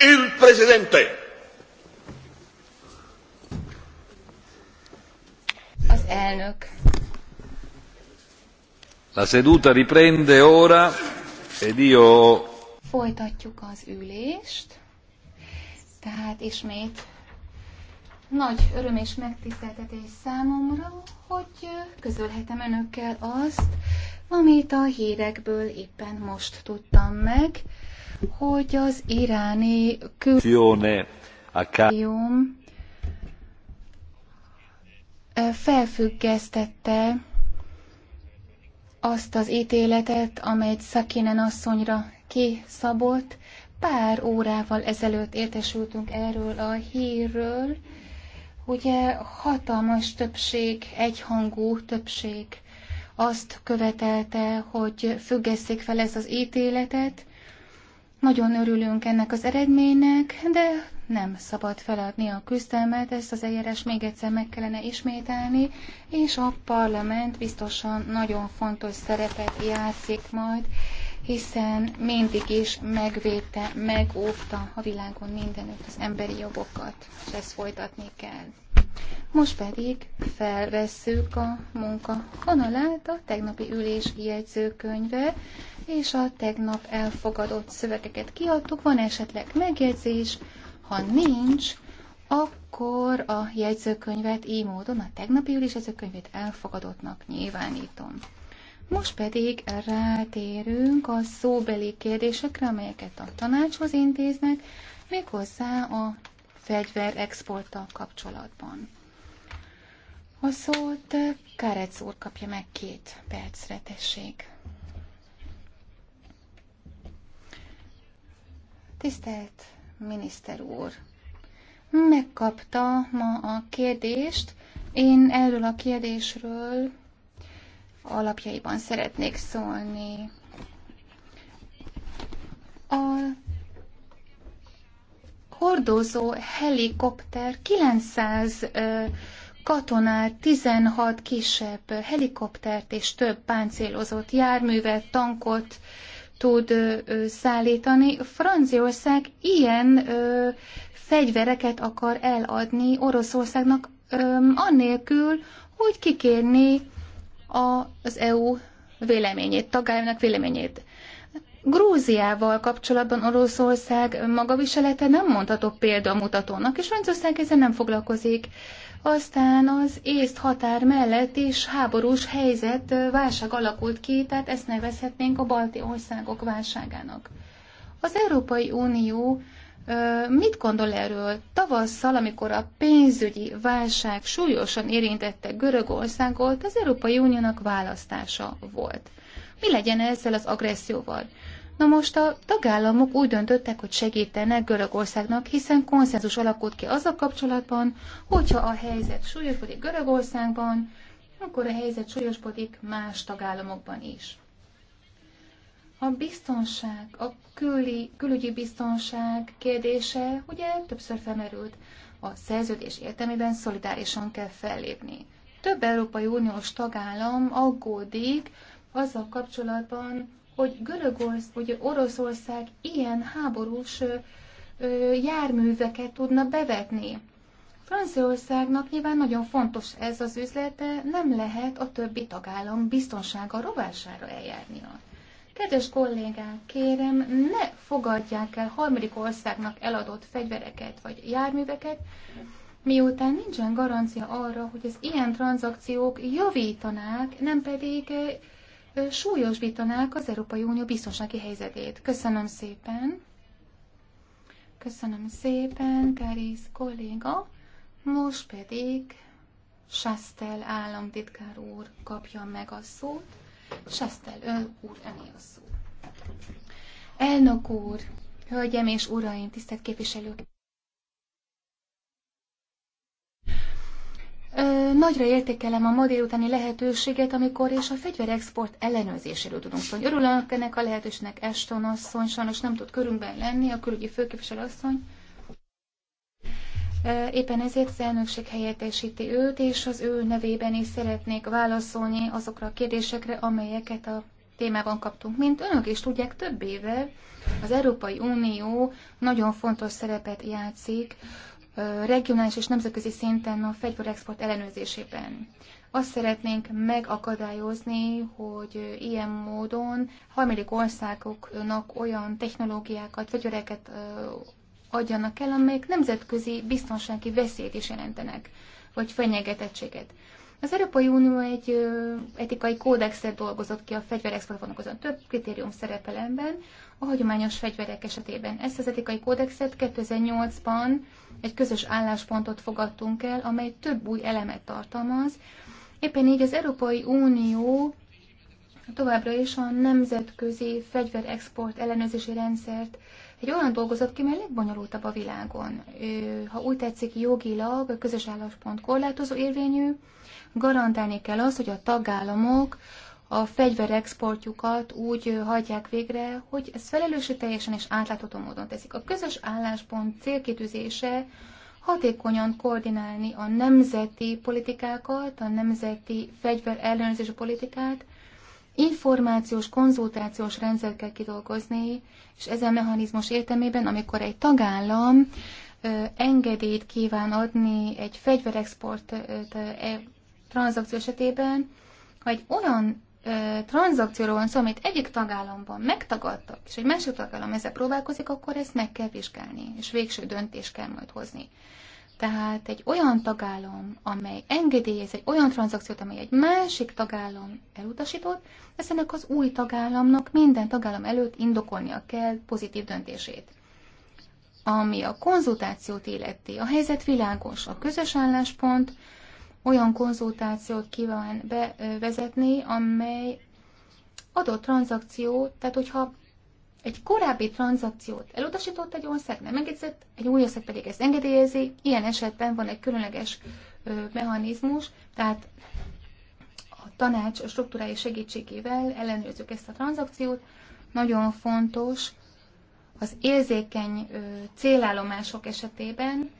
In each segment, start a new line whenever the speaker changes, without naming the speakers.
el presidente.
Az elnök.
La seduta riprende ora ed io...
Folytatjuk az ülést, tehát ismét nagy öröm és megtiszteltetés számomra, hogy közölhetem önökkel azt, amit a hírekből éppen most tudtam meg hogy az iráni
külfőjóm
felfüggesztette azt az ítéletet, amelyet Szakinen asszonyra kiszabott. Pár órával ezelőtt értesültünk erről a hírről. Ugye hatalmas többség, egyhangú többség azt követelte, hogy függesszék fel ezt az ítéletet, nagyon örülünk ennek az eredménynek, de nem szabad feladni a küzdelmet, ezt az eljárás még egyszer meg kellene ismételni, és a parlament biztosan nagyon fontos szerepet játszik majd, hiszen mindig is megvédte, megóvta a világon mindenütt az emberi jogokat, és ezt folytatni kell. Most pedig felvesszük a munka vonalát, a tegnapi ülés jegyzőkönyve, és a tegnap elfogadott szövegeket kiadtuk. Van esetleg megjegyzés? Ha nincs, akkor a jegyzőkönyvet így módon, a tegnapi ülés jegyzőkönyvét elfogadottnak nyilvánítom. Most pedig rátérünk a szóbeli kérdésekre, amelyeket a tanácshoz intéznek, méghozzá a fegyver exporttal kapcsolatban. A szót Kárec úr kapja meg két percre, tessék. Tisztelt miniszter úr! Megkapta ma a kérdést. Én erről a kérdésről alapjaiban szeretnék szólni. A hordozó helikopter 900 katonát, 16 kisebb helikoptert és több páncélozott járművet, tankot tud szállítani. Franciaország ilyen fegyvereket akar eladni Oroszországnak, annélkül, hogy kikérni az EU véleményét, tagállamnak véleményét. Grúziával kapcsolatban Oroszország magaviselete nem mondható példamutatónak, és Franciaország ezzel nem foglalkozik. Aztán az észt határ mellett is háborús helyzet, válság alakult ki, tehát ezt nevezhetnénk a balti országok válságának. Az Európai Unió mit gondol erről? Tavasszal, amikor a pénzügyi válság súlyosan érintette Görögországot, az Európai Uniónak választása volt. Mi legyen ezzel az agresszióval? Na most a tagállamok úgy döntöttek, hogy segítenek Görögországnak, hiszen konszenzus alakult ki az a kapcsolatban, hogyha a helyzet súlyosbodik Görögországban, akkor a helyzet súlyosbodik más tagállamokban is. A biztonság, a küli, külügyi biztonság kérdése ugye többször felmerült. A szerződés értelmében szolidárisan kell fellépni. Több Európai Uniós tagállam aggódik azzal kapcsolatban, hogy Görögország, hogy Oroszország ilyen háborús járműveket tudna bevetni. Franciaországnak nyilván nagyon fontos ez az üzlet, de nem lehet a többi tagállam biztonsága rovására eljárnia. Kedves kollégák, kérem, ne fogadják el harmadik országnak eladott fegyvereket vagy járműveket, miután nincsen garancia arra, hogy az ilyen tranzakciók javítanák, nem pedig súlyosbítanák az Európai Unió biztonsági helyzetét. Köszönöm szépen. Köszönöm szépen, Kárész kolléga. Most pedig Sastel államtitkár úr kapja meg a szót. Sastel ön, úr, öné a szó. Elnök úr, hölgyem és uraim, tisztelt képviselők! Ö, nagyra értékelem a ma délutáni lehetőséget, amikor és a fegyverexport ellenőrzéséről tudunk szólni. Örülök ennek a lehetőségnek, Eston asszony, sajnos nem tud körünkben lenni, a külügyi főképviselő asszony. Éppen ezért az elnökség helyettesíti őt, és az ő nevében is szeretnék válaszolni azokra a kérdésekre, amelyeket a témában kaptunk. Mint önök is tudják, több éve az Európai Unió nagyon fontos szerepet játszik regionális és nemzetközi szinten a fegyverexport ellenőrzésében. Azt szeretnénk megakadályozni, hogy ilyen módon harmadik országoknak olyan technológiákat, fegyvereket adjanak el, amelyek nemzetközi biztonsági veszélyt is jelentenek, vagy fenyegetettséget. Az Európai Unió egy etikai kódexet dolgozott ki a fegyverexport vonatkozóan. Több kritérium szerepel ebben a hagyományos fegyverek esetében. Ezt az etikai kódexet 2008-ban egy közös álláspontot fogadtunk el, amely több új elemet tartalmaz. Éppen így az Európai Unió továbbra is a nemzetközi fegyverexport ellenőrzési rendszert egy olyan dolgozat ki, mely legbonyolultabb a világon. Ha úgy tetszik, jogilag a közös álláspont korlátozó érvényű, garantálni kell azt, hogy a tagállamok a fegyverexportjukat úgy hagyják végre, hogy ez teljesen és átlátható módon teszik. A közös álláspont célkitűzése hatékonyan koordinálni a nemzeti politikákat, a nemzeti fegyver ellenőrzési politikát, információs, konzultációs rendszer kell kidolgozni, és ezen mechanizmus értelmében, amikor egy tagállam engedélyt kíván adni egy fegyverexport e, tranzakció esetében, ha egy olyan tranzakcióról van szó, amit egyik tagállamban megtagadtak, és egy másik tagállam ezzel próbálkozik, akkor ezt meg kell vizsgálni, és végső döntést kell majd hozni. Tehát egy olyan tagállam, amely engedélyez egy olyan tranzakciót, amely egy másik tagállam elutasított, ezt ennek az új tagállamnak minden tagállam előtt indokolnia kell pozitív döntését. Ami a konzultációt illeti, a helyzet világos, a közös álláspont, olyan konzultációt kíván bevezetni, amely adott tranzakció, tehát hogyha egy korábbi tranzakciót elutasított egy ország, nem engedett, egy új ország pedig ezt engedélyezi, ilyen esetben van egy különleges mechanizmus, tehát a tanács struktúrája segítségével ellenőrzük ezt a tranzakciót. Nagyon fontos az érzékeny célállomások esetében,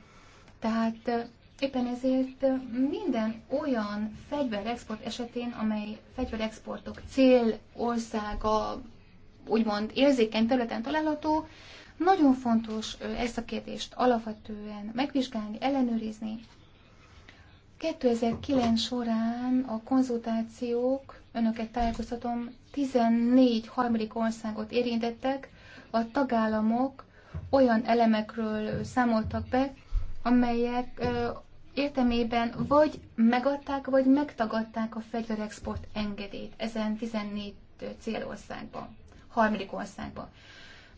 tehát Éppen ezért minden olyan fegyverexport esetén, amely fegyverexportok célországa úgymond érzékeny területen található, nagyon fontos ezt a kérdést alapvetően megvizsgálni, ellenőrizni. 2009 során a konzultációk, önöket tájékoztatom, 14 harmadik országot érintettek, a tagállamok olyan elemekről számoltak be, amelyek értemében vagy megadták, vagy megtagadták a fegyverexport engedélyt ezen 14 célországban, harmadik országban.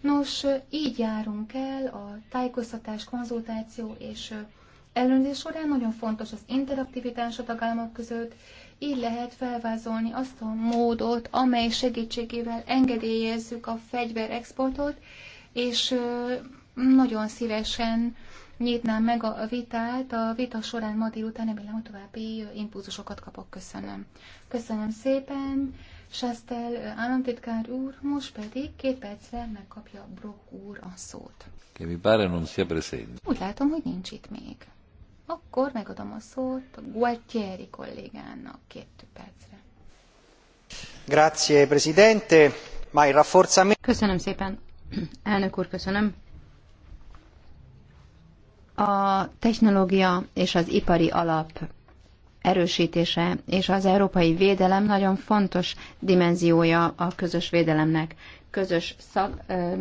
Nos, így járunk el a tájékoztatás, konzultáció és ellenőrzés során nagyon fontos az interaktivitás a tagállamok között, így lehet felvázolni azt a módot, amely segítségével engedélyezzük a fegyverexportot, és nagyon szívesen nyitnám meg a vitát. A vita során ma délután remélem, hogy további impulzusokat kapok. Köszönöm. Köszönöm szépen. Sastel államtitkár úr, most pedig két percre megkapja Brock úr a szót. Úgy látom, hogy nincs itt még. Akkor megadom a szót a Gualtieri kollégának két percre.
Grazie, Presidente. Köszönöm szépen. Elnök úr, köszönöm a technológia és az ipari alap erősítése és az európai védelem nagyon fontos dimenziója a közös védelemnek. Közös szab, ö,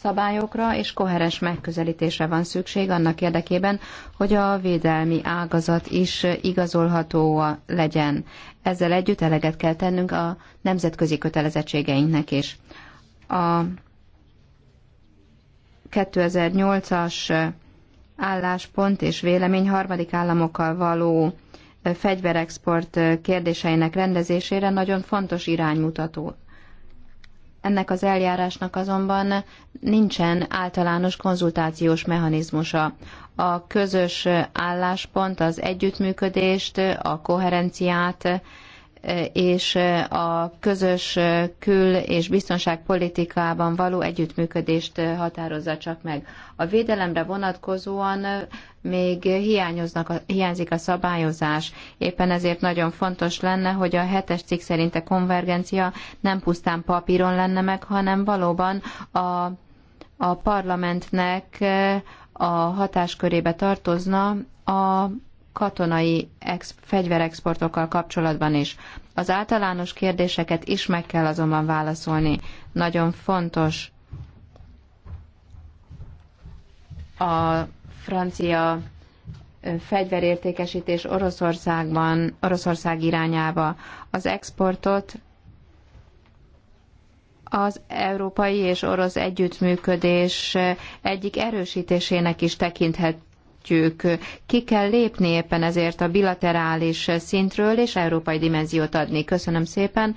szabályokra és koherens megközelítésre van szükség annak érdekében, hogy a védelmi ágazat is igazolható legyen. Ezzel együtt eleget kell tennünk a nemzetközi kötelezettségeinknek is. A 2008-as álláspont és vélemény harmadik államokkal való fegyverexport kérdéseinek rendezésére nagyon fontos iránymutató. Ennek az eljárásnak azonban nincsen általános konzultációs mechanizmusa. A közös álláspont az együttműködést, a koherenciát, és a közös kül- és biztonságpolitikában való együttműködést határozza csak meg. A védelemre vonatkozóan még hiányoznak, hiányzik a szabályozás. Éppen ezért nagyon fontos lenne, hogy a hetes cikk szerint a konvergencia nem pusztán papíron lenne meg, hanem valóban a, a parlamentnek a hatáskörébe tartozna a katonai ex- fegyverexportokkal kapcsolatban is. Az általános kérdéseket is meg kell azonban válaszolni. Nagyon fontos a francia fegyverértékesítés Oroszországban, Oroszország irányába. Az exportot az európai és orosz együttműködés egyik erősítésének is tekinthet, értjük. Ki kell lépni éppen ezért a bilaterális szintről, és európai dimenziót adni. Köszönöm szépen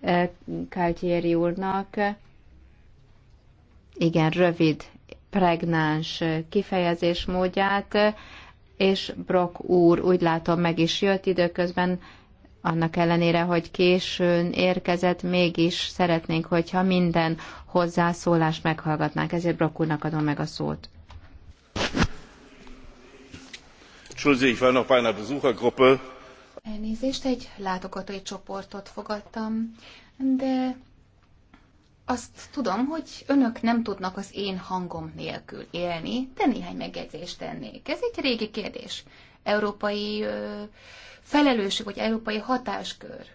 eh, Káltyéri úrnak. Igen, rövid, pregnáns kifejezés módját, és Brock úr úgy látom meg is jött időközben, annak ellenére, hogy későn érkezett, mégis szeretnénk, hogyha minden hozzászólást meghallgatnánk. Ezért Brock úrnak adom meg a szót.
Entschuldigung, ich war noch bei einer Besuchergruppe.
Elnézést, egy látogatói csoportot fogadtam, de azt tudom, hogy önök nem tudnak az én hangom nélkül élni, de néhány megjegyzést tennék. Ez egy régi kérdés. Európai ö, felelősség, vagy európai hatáskör.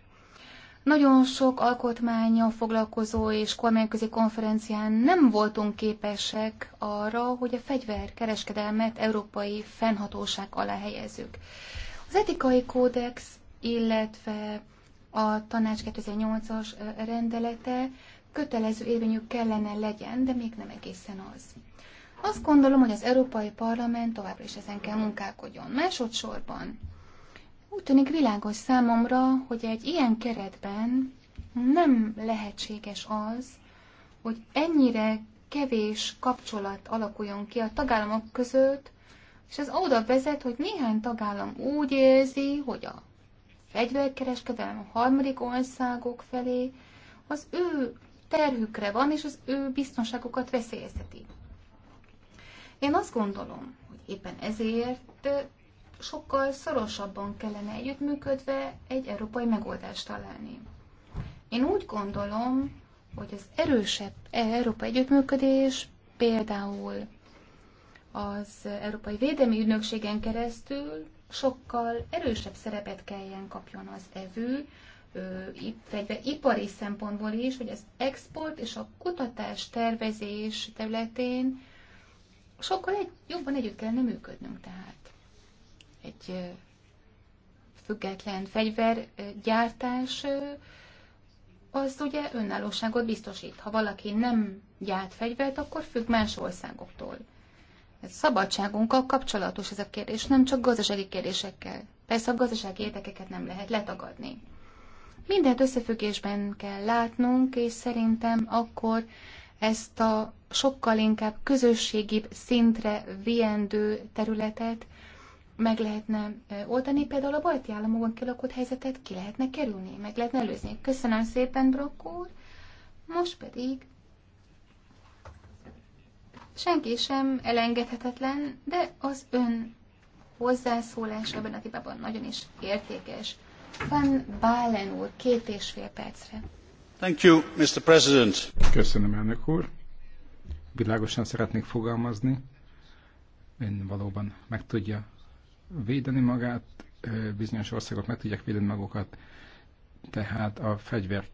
Nagyon sok alkotmánya foglalkozó és kormányközi konferencián nem voltunk képesek arra, hogy a fegyverkereskedelmet európai fennhatóság alá helyezzük. Az etikai kódex, illetve a tanács 2008-as rendelete kötelező érvényű kellene legyen, de még nem egészen az. Azt gondolom, hogy az Európai Parlament továbbra is ezen kell munkálkodjon. Másodszorban úgy tűnik világos számomra, hogy egy ilyen keretben nem lehetséges az, hogy ennyire kevés kapcsolat alakuljon ki a tagállamok között, és ez oda vezet, hogy néhány tagállam úgy érzi, hogy a fegyverkereskedelem a harmadik országok felé az ő terhükre van, és az ő biztonságukat veszélyezteti. Én azt gondolom, hogy éppen ezért sokkal szorosabban kellene együttműködve egy európai megoldást találni. Én úgy gondolom, hogy az erősebb e, európai együttműködés például az Európai Védelmi Ügynökségen keresztül sokkal erősebb szerepet kelljen kapjon az evő, ipari szempontból is, hogy az export és a kutatás tervezés területén sokkal egy, jobban együtt kellene működnünk tehát egy független fegyvergyártás az ugye önállóságot biztosít. Ha valaki nem gyárt fegyvert, akkor függ más országoktól. Ez szabadságunkkal kapcsolatos ez a kérdés, nem csak gazdasági kérdésekkel. Persze a gazdasági érdekeket nem lehet letagadni. Mindent összefüggésben kell látnunk, és szerintem akkor ezt a sokkal inkább közösségibb szintre viendő területet meg lehetne oldani, például a balti államokon kilakott helyzetet ki lehetne kerülni, meg lehetne előzni. Köszönöm szépen, Brock úr. Most pedig senki sem elengedhetetlen, de az ön hozzászólás ebben a tipában nagyon is értékes. Van Bálen úr, két és fél percre.
Thank you, Mr. President. Köszönöm, elnök úr. Világosan szeretnék fogalmazni. Ön valóban meg tudja védeni magát, bizonyos országok meg tudják védeni magukat, tehát a fegyver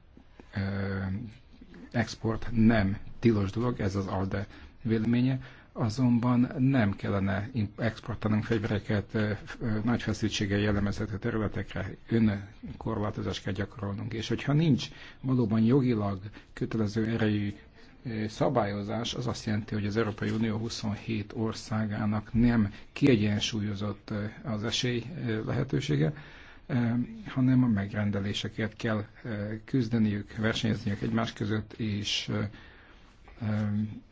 export nem tilos dolog, ez az ALDE véleménye, azonban nem kellene exportálnunk fegyvereket nagy feszültséggel jellemezhető területekre, önkorlátozást kell gyakorolnunk. És hogyha nincs valóban jogilag kötelező erejű szabályozás az azt jelenti, hogy az Európai Unió 27 országának nem kiegyensúlyozott az esély lehetősége, hanem a megrendeléseket kell küzdeniük, versenyezniük egymás között, és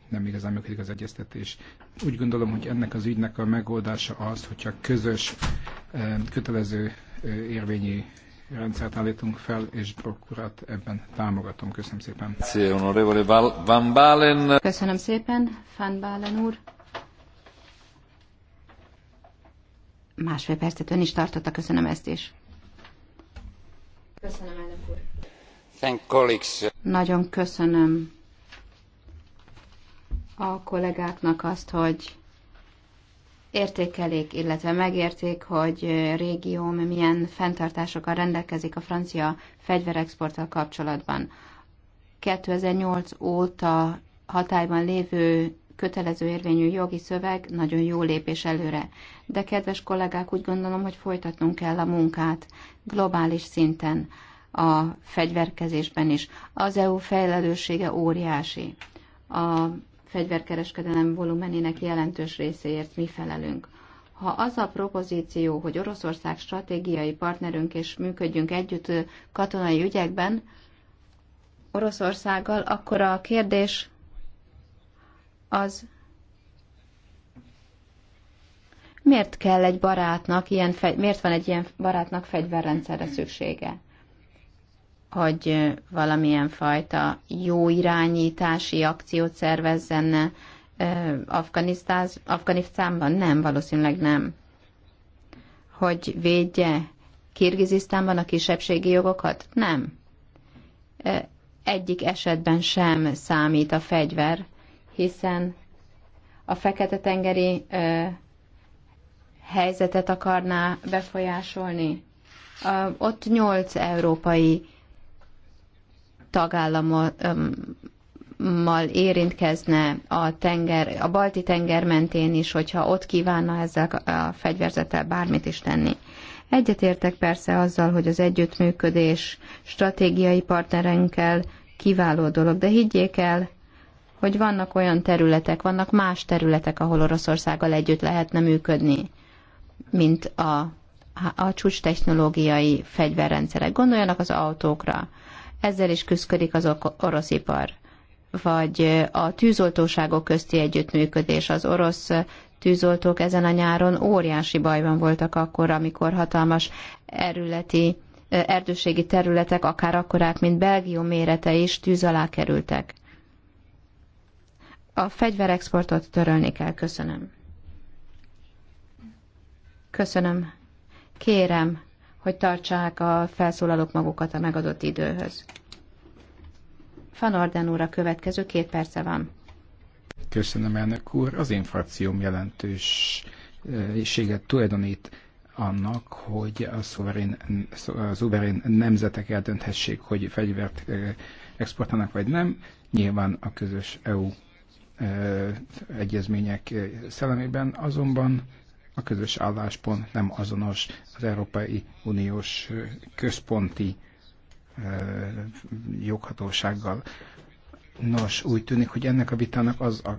nem igazán működik az egyeztetés. Úgy gondolom, hogy ennek az ügynek a megoldása az, hogyha közös, kötelező érvényi rendszert állítunk fel, és prokurát ebben támogatom. Köszönöm szépen.
Köszönöm
szépen, Van Balen úr. Másfél percet ön is tartotta, köszönöm ezt is. Köszönöm, elnök úr.
Thank colleagues.
Nagyon köszönöm a kollégáknak azt, hogy értékelik, illetve megértik, hogy régióm milyen fenntartásokkal rendelkezik a francia fegyverexporttal kapcsolatban. 2008 óta hatályban lévő kötelező érvényű jogi szöveg nagyon jó lépés előre. De kedves kollégák, úgy gondolom, hogy folytatnunk kell a munkát globális szinten, a fegyverkezésben is. Az EU fejlelősége óriási. A fegyverkereskedelem volumenének jelentős részéért mi felelünk. Ha az a propozíció, hogy Oroszország stratégiai partnerünk és működjünk együtt katonai ügyekben Oroszországgal, akkor a kérdés az, miért kell egy barátnak ilyen, miért van egy ilyen barátnak fegyverrendszerre szüksége? hogy valamilyen fajta jó irányítási akciót szervezzen Afganisztánban? Nem, valószínűleg nem. Hogy védje Kirgizisztánban a kisebbségi jogokat? Nem. Egyik esetben sem számít a fegyver, hiszen a fekete-tengeri helyzetet akarná befolyásolni. Ott nyolc európai tagállammal érintkezne a, tenger, a balti tenger mentén is, hogyha ott kívánna ezzel a fegyverzettel bármit is tenni. Egyetértek persze azzal, hogy az együttműködés stratégiai partnerenkkel kiváló dolog, de higgyék el, hogy vannak olyan területek, vannak más területek, ahol Oroszországgal együtt lehetne működni, mint a, a csúcs technológiai fegyverrendszerek. Gondoljanak az autókra. Ezzel is küzdködik az orosz ipar. Vagy a tűzoltóságok közti együttműködés. Az orosz tűzoltók ezen a nyáron óriási bajban voltak akkor, amikor hatalmas erületi, erdőségi területek, akár akkorák, mint Belgium mérete is tűz alá kerültek. A fegyverexportot törölni kell, köszönöm. Köszönöm. Kérem, hogy tartsák a felszólalók magukat a megadott időhöz. Fanorden úr, a következő két perce van.
Köszönöm, elnök úr. Az én frakcióm jelentőséget eh, tulajdonít annak, hogy a szuverén, a szuverén nemzetek eldönthessék, hogy fegyvert eh, exportálnak vagy nem. Nyilván a közös EU eh, egyezmények szellemében azonban a közös álláspont nem azonos az Európai Uniós központi joghatósággal. Nos, úgy tűnik, hogy ennek a vitának az a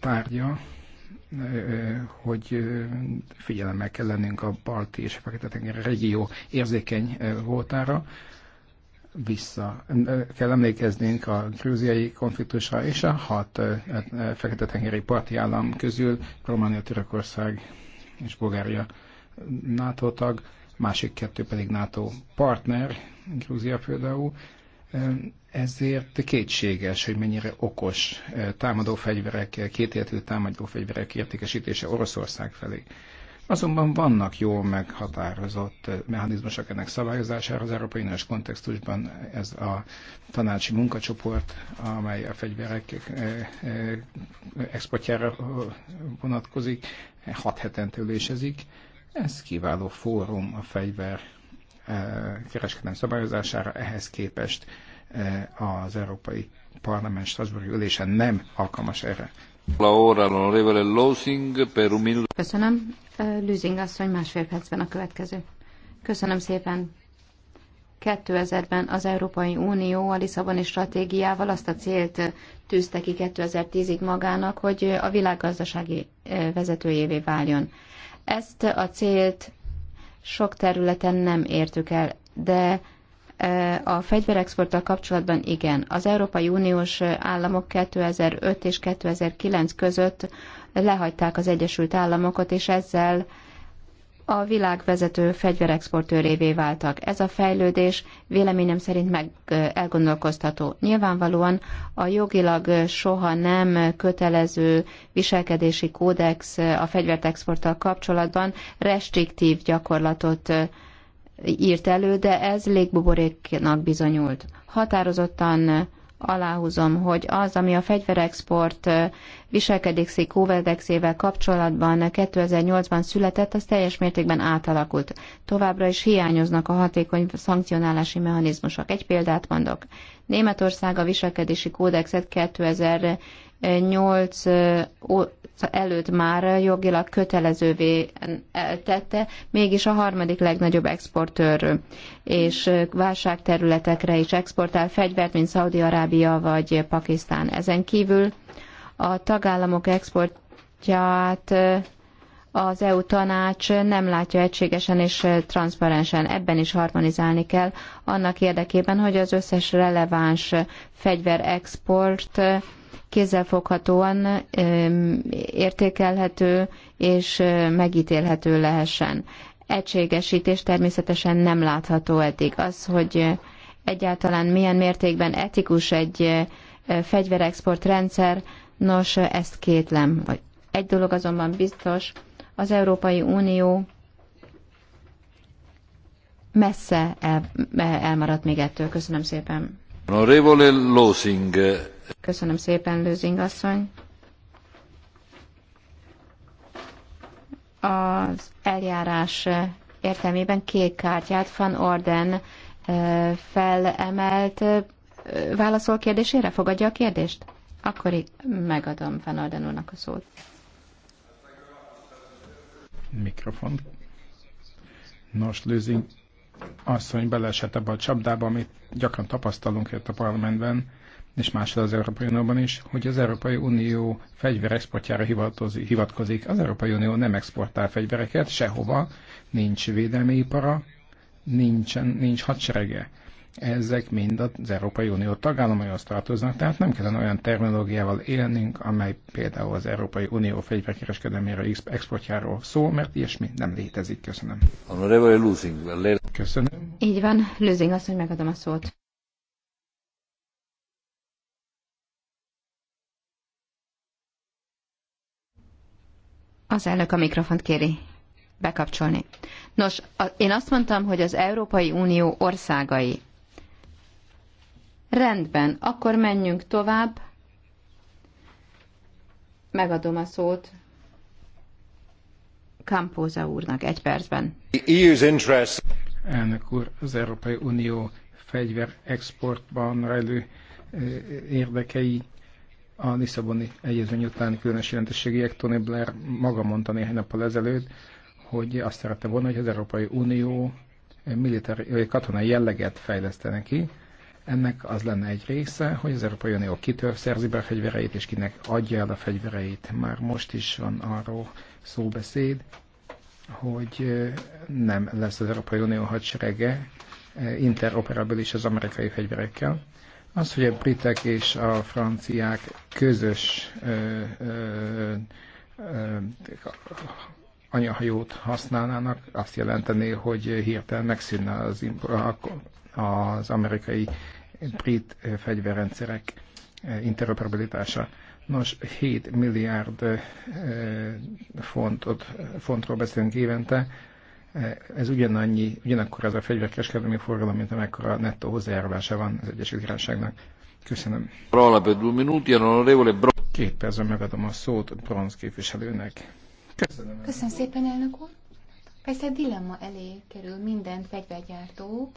tárgya, hogy figyelemmel kell lennünk a balti és a fekete régió érzékeny voltára, vissza. Kell emlékeznünk a grúziai konfliktusra és a hat fekete-tengeri parti állam közül Románia, Törökország, és Bulgária NATO tag, másik kettő pedig NATO partner, Grúzia például. Ezért kétséges, hogy mennyire okos eh, támadó fegyverek, eh, kétértő támadó fegyverek értékesítése Oroszország felé. Azonban vannak jól meghatározott mechanizmusok ennek szabályozására az Európai Uniós kontextusban ez a tanácsi munkacsoport, amely a fegyverek eh, eh, exportjára eh, vonatkozik, hat heten ülésezik. Ez kiváló fórum a fegyver kereskedelem szabályozására, ehhez képest az Európai Parlament Strasbourg ülésen nem alkalmas erre. Köszönöm. Lüzing asszony
másfél percben a következő. Köszönöm szépen. 2000-ben az Európai Unió a Lisszaboni stratégiával azt a célt tűzte ki 2010-ig magának, hogy a világgazdasági eh, vezetőjévé váljon. Ezt a célt sok területen nem értük el, de eh, a fegyverexporttal kapcsolatban igen. Az Európai Uniós eh, államok 2005 és 2009 között lehagyták az Egyesült Államokat, és ezzel a világ vezető fegyverexportőrévé váltak. Ez a fejlődés véleményem szerint meg elgondolkoztató. Nyilvánvalóan a jogilag soha nem kötelező viselkedési kódex a fegyvertexporttal kapcsolatban restriktív gyakorlatot írt elő, de ez légbuboréknak bizonyult. Határozottan aláhúzom, hogy az, ami a fegyverexport viselkedik kóvedexével kapcsolatban 2008-ban született, az teljes mértékben átalakult. Továbbra is hiányoznak a hatékony szankcionálási mechanizmusok. Egy példát mondok. Németország a viselkedési kódexet 2000 8 előtt már jogilag kötelezővé tette, mégis a harmadik legnagyobb exportőr, és válságterületekre is exportál fegyvert, mint Szaudi-Arábia vagy Pakisztán. Ezen kívül a tagállamok exportját az EU tanács nem látja egységesen és transzparensen. Ebben is harmonizálni kell, annak érdekében, hogy az összes releváns fegyverexport export kézzelfoghatóan értékelhető és megítélhető lehessen. Egységesítés természetesen nem látható eddig. Az, hogy egyáltalán milyen mértékben etikus egy fegyverexport rendszer, nos, ezt kétlem. Egy dolog azonban biztos, az Európai Unió messze el, elmaradt még ettől. Köszönöm szépen.
Honorevole Losing
Köszönöm szépen, Lőzing asszony. Az eljárás értelmében kék kártyát Van Orden felemelt. Válaszol kérdésére? Fogadja a kérdést? Akkor itt megadom Van Orden úrnak a szót.
Mikrofon. Nos, Lőzing asszony beleesett ebbe a csapdába, amit gyakran tapasztalunk itt a parlamentben, és máshol az Európai Unióban is, hogy az Európai Unió fegyverexportjára hivatkozik. Az Európai Unió nem exportál fegyvereket sehova, nincs védelmi ipara, nincsen, nincs hadserege. Ezek mind az Európai Unió tagállamaihoz tartoznak, tehát nem kellene olyan terminológiával élnünk, amely például az Európai Unió fegyverkereskedelmére exportjáról szól, mert ilyesmi nem létezik. Köszönöm.
Köszönöm.
Így van, Lőzing azt, hogy megadom a szót. Az elnök a mikrofont kéri bekapcsolni. Nos, én azt mondtam, hogy az Európai Unió országai. Rendben, akkor menjünk tovább. Megadom a szót Kampóza úrnak egy
percben. E elnök úr, az Európai Unió exportban rejlő eh, érdekei a Lisszaboni egyezmény után különös jelentőségiek Tony Blair maga mondta néhány nappal ezelőtt, hogy azt szerette volna, hogy az Európai Unió militári, vagy katonai jelleget fejlesztene ki. Ennek az lenne egy része, hogy az Európai Unió kitör szerzi be a fegyvereit, és kinek adja el a fegyvereit. Már most is van arról szóbeszéd, hogy nem lesz az Európai Unió hadserege interoperabilis az amerikai fegyverekkel az, hogy a britek és a franciák közös ö, ö, ö, anyahajót használnának, azt jelenteni, hogy hirtelen megszűnne az, az amerikai brit fegyverrendszerek interoperabilitása. Nos, 7 milliárd fontot, fontról beszélünk évente, ez ugyanannyi, ugyanakkor az a fegyverkeskedelmi forgalom, mint a nettó hozzájárulása van az Egyesült Királyságnak. Köszönöm. Két percben megadom a szót Bronz képviselőnek. Köszönöm. Köszönöm
szépen, elnök úr. Persze dilemma elé kerül minden fegyvergyártó,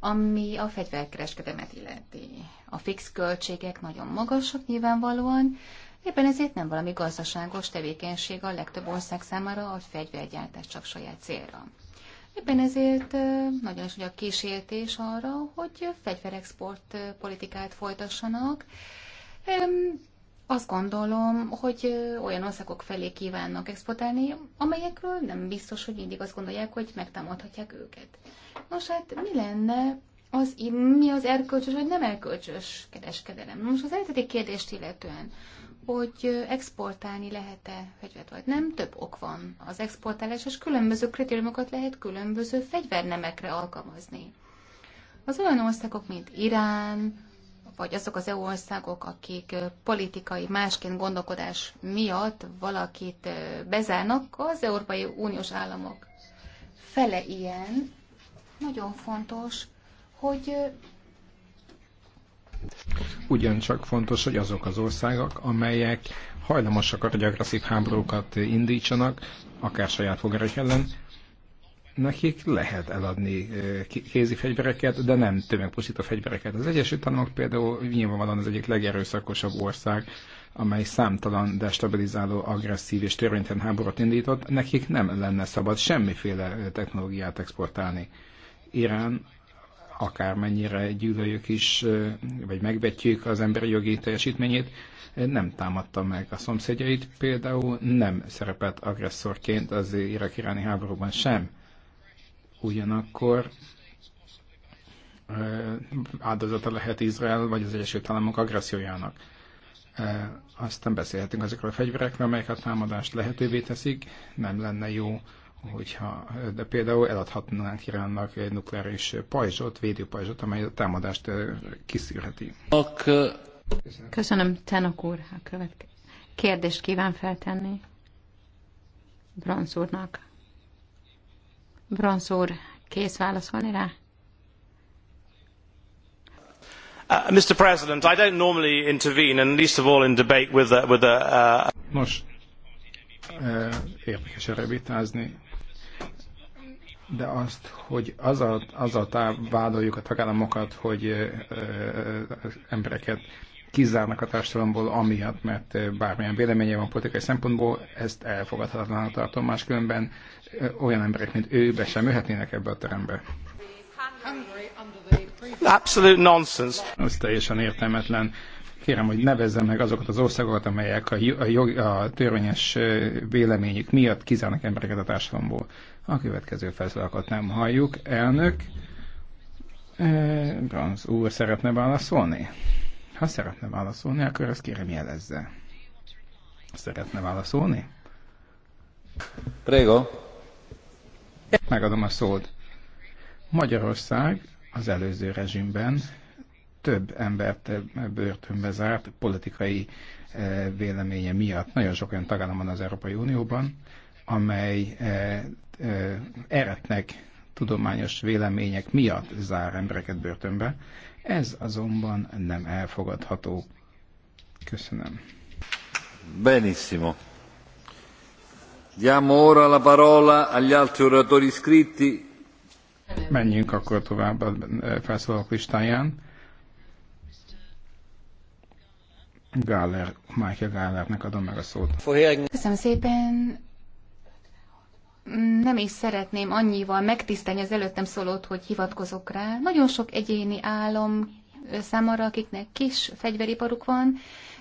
ami a fegyverkereskedemet illeti. A fix költségek nagyon magasak nyilvánvalóan, Éppen ezért nem valami gazdaságos tevékenység a legtöbb ország számára a fegyvergyártás csak saját célra. Éppen ezért nagyon is ugye a kísértés arra, hogy fegyverexport politikát folytassanak. Azt gondolom, hogy olyan országok felé kívánnak exportálni, amelyekről nem biztos, hogy mindig azt gondolják, hogy megtámadhatják őket. Nos hát mi lenne az, mi az erkölcsös vagy nem erkölcsös kereskedelem? Most az eredeti kérdést illetően hogy exportálni lehet-e fegyvert vagy nem. Több ok van az exportálás, és különböző kritériumokat lehet különböző fegyvernemekre alkalmazni. Az olyan országok, mint Irán, vagy azok az EU országok, akik politikai másként gondolkodás miatt valakit bezárnak, az Európai Uniós államok fele ilyen. Nagyon fontos, hogy
Ugyancsak fontos, hogy azok az országok, amelyek hajlamosak a agresszív háborúkat indítsanak, akár saját fogarak ellen, nekik lehet eladni kézi fegyvereket, de nem tömegpusztító fegyvereket. Az Egyesült Államok például nyilvánvalóan az egyik legerőszakosabb ország, amely számtalan destabilizáló, agresszív és törvénytelen háborút indított, nekik nem lenne szabad semmiféle technológiát exportálni. Irán akármennyire gyűlöljük is, vagy megvetjük az emberi jogi teljesítményét, nem támadta meg a szomszédjait, például nem szerepelt agresszorként az irak-iráni háborúban sem. Ugyanakkor áldozata lehet Izrael vagy az Egyesült Államok agressziójának. Aztán beszélhetünk azokról a fegyverekről, amelyek a támadást lehetővé teszik. Nem lenne jó hogyha, de például eladhatnánk Iránnak egy nukleáris pajzsot, védőpajzsot, amely a támadást kiszűrheti. Köszönöm,
Köszönöm
Tenok úr. A következő kérdést kíván feltenni Bronz úrnak. Bronz úr, kész válaszolni rá?
Uh, Mr. President, I don't normally intervene, and least of all in debate with a, with a.
Uh... uh, érdekes erre vitázni de azt, hogy azzal, azzal táv, vádoljuk a tagállamokat, hogy ö, ö, embereket kizárnak a társadalomból, amiatt, mert bármilyen véleménye van politikai szempontból, ezt elfogadhatatlan tartom, máskülönben ö, olyan emberek, mint ő, be sem jöhetnének ebbe a terembe. Absolute nonsense. Ez teljesen értelmetlen. Kérem, hogy nevezze meg azokat az országokat, amelyek a, jog, a törvényes véleményük miatt kizárnak embereket a társadalomból. A következő felszólalkat nem halljuk. Elnök, Bronz e, úr szeretne válaszolni? Ha szeretne válaszolni, akkor ezt kérem jelezze. Szeretne válaszolni? Prego. Megadom a szót. Magyarország az előző rezsimben több embert börtönbe zárt politikai e, véleménye miatt. Nagyon sok olyan tagállam van az Európai Unióban, amely e, e, eretnek tudományos vélemények miatt zár embereket börtönbe. Ez azonban nem elfogadható. Köszönöm. Benissimo.
Diamo ora la parola agli altri oratori
iscritti. Menjünk akkor tovább a e, felszólalók listáján. Gáler, Michael Gálernek adom meg a szót. Köszönöm
szépen nem is szeretném annyival megtisztelni az előttem szólót, hogy hivatkozok rá. Nagyon sok egyéni állam számára, akiknek kis fegyveriparuk van,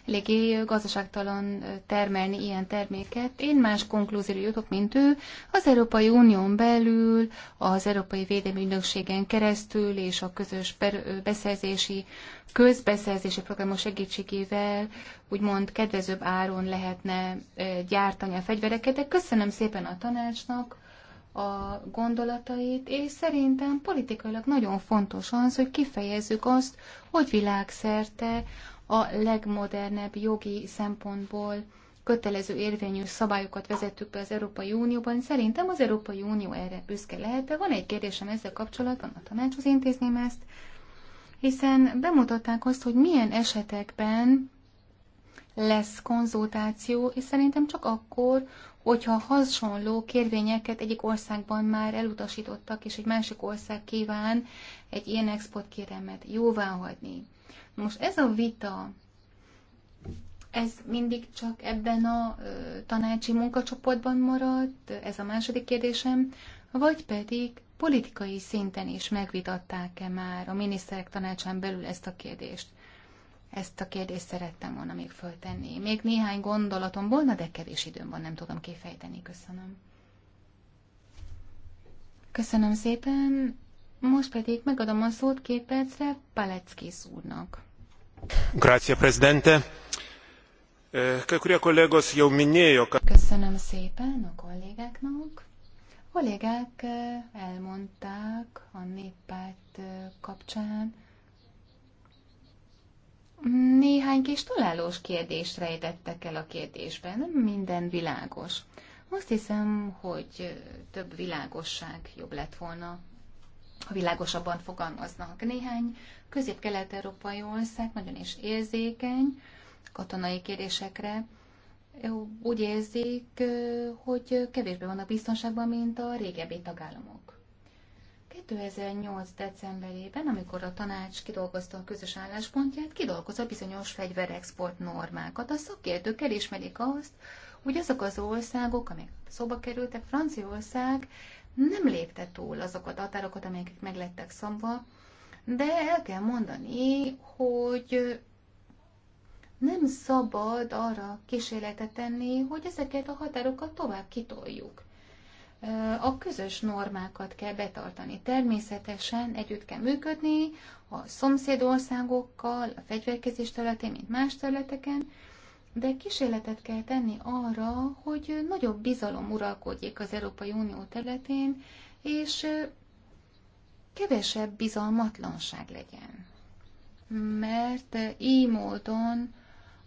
eléggé gazdaságtalan termelni ilyen terméket. Én más konklúzióra jutok, mint ő. Az Európai Unión belül, az Európai Védelmi Ügynökségen keresztül és a közös beszerzési, közbeszerzési programok segítségével úgymond kedvezőbb áron lehetne gyártani a fegyvereket, de köszönöm szépen a tanácsnak, a gondolatait, és szerintem politikailag nagyon fontos az, hogy kifejezzük azt, hogy világszerte a legmodernebb jogi szempontból kötelező érvényű szabályokat vezettük be az Európai Unióban. Szerintem az Európai Unió erre büszke lehet, de van egy kérdésem ezzel kapcsolatban, a tanácshoz intézném ezt, hiszen bemutatták azt, hogy milyen esetekben lesz konzultáció, és szerintem csak akkor, hogyha hasonló kérvényeket egyik országban már elutasítottak, és egy másik ország kíván egy ilyen jóvá jóváhagyni. Most ez a vita, ez mindig csak ebben a ö, tanácsi munkacsoportban maradt, ez a második kérdésem, vagy pedig politikai szinten is megvitatták-e már a miniszterek tanácsán belül ezt a kérdést? Ezt a kérdést szerettem volna még föltenni. Még néhány gondolatom volna, de kevés időm van, nem tudom kifejteni. Köszönöm. Köszönöm szépen. Most pedig megadom a szót két percre Paleckis úrnak.
Grazie, Presidente.
Köszönöm szépen a kollégáknak. A kollégák eh, elmondták a néppárt eh, kapcsán, és találós kérdést rejtettek el a kérdésben. Nem minden világos. Azt hiszem, hogy több világosság jobb lett volna, ha világosabban fogalmaznak. Néhány közép-kelet-európai ország nagyon is érzékeny katonai kérdésekre, úgy érzik, hogy kevésbé vannak biztonságban, mint a régebbi tagállamok. 2008. decemberében, amikor a tanács kidolgozta a közös álláspontját, kidolgozza bizonyos fegyverexport normákat. A szakértők elismerik azt, hogy azok az országok, amelyek szóba kerültek, Franciaország nem lépte túl azokat a határokat, amelyek meglettek szabva, de el kell mondani, hogy nem szabad arra kísérletet tenni, hogy ezeket a határokat tovább kitoljuk a közös normákat kell betartani. Természetesen együtt kell működni a szomszédországokkal, a fegyverkezés területén, mint más területeken, de kísérletet kell tenni arra, hogy nagyobb bizalom uralkodjék az Európai Unió területén, és kevesebb bizalmatlanság legyen. Mert így módon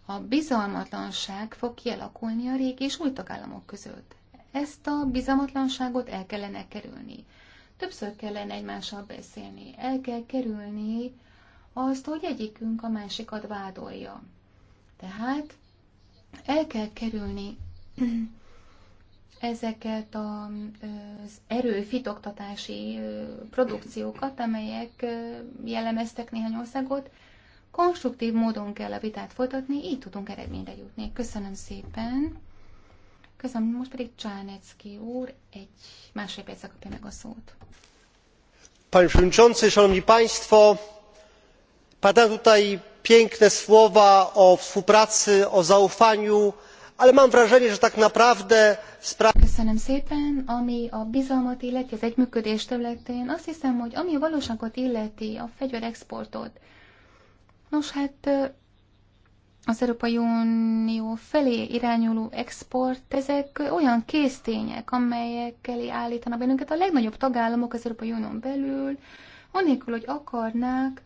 a bizalmatlanság fog kialakulni a régi és új tagállamok között. Ezt a bizalmatlanságot el kellene kerülni. Többször kellene egymással beszélni. El kell kerülni azt, hogy egyikünk a másikat vádolja. Tehát el kell kerülni ezeket az erőfitoktatási produkciókat, amelyek jellemeztek néhány országot, konstruktív módon kell a vitát folytatni, így tudunk eredményre jutni. Köszönöm szépen! Köszönöm, most pedig Csánecki úr egy másfél percre kapja meg a szót.
Panie Przewodniczący, Szanowni Państwo,
padają tutaj piękne słowa o współpracy, o zaufaniu, ale mam wrażenie, że tak naprawdę Köszönöm szépen, ami a bizalmat illeti, az egyműködés területén, azt hiszem, hogy ami a valóságot illeti, a fegyverexportot, nos hát az Európai Unió felé irányuló export, ezek olyan késztények, amelyek elé állítanak bennünket a legnagyobb tagállamok az Európai Unión belül, anélkül, hogy akarnák,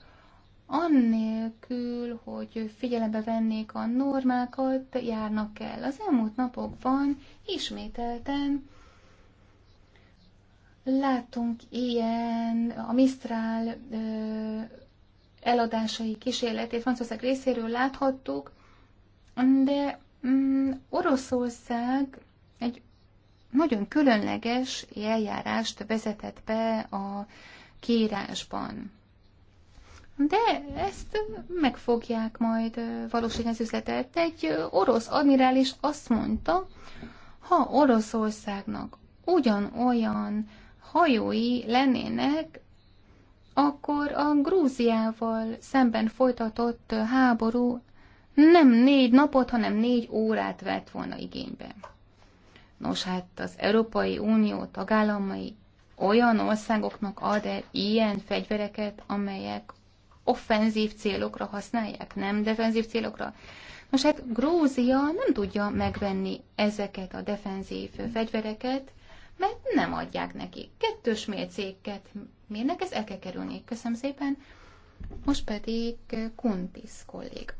annélkül, hogy figyelembe vennék a normákat, járnak el. Az elmúlt napokban ismételten látunk ilyen, a Mistral eladásai kísérletét Franciaország részéről láthattuk, de mm, Oroszország egy nagyon különleges eljárást vezetett be a kiírásban. De ezt meg fogják majd valósítani az üzletet. Egy orosz admirális azt mondta, ha Oroszországnak ugyanolyan hajói lennének, akkor a Grúziával szemben folytatott háború nem négy napot, hanem négy órát vett volna igénybe. Nos, hát az Európai Unió tagállamai olyan országoknak ad el ilyen fegyvereket, amelyek offenzív célokra használják, nem defenzív célokra. Nos, hát Grózia nem tudja megvenni ezeket a defenzív fegyvereket, mert nem adják neki. Kettős mércéket mérnek, ez el kell kerülni. Köszönöm szépen. Most pedig Kuntis kollég.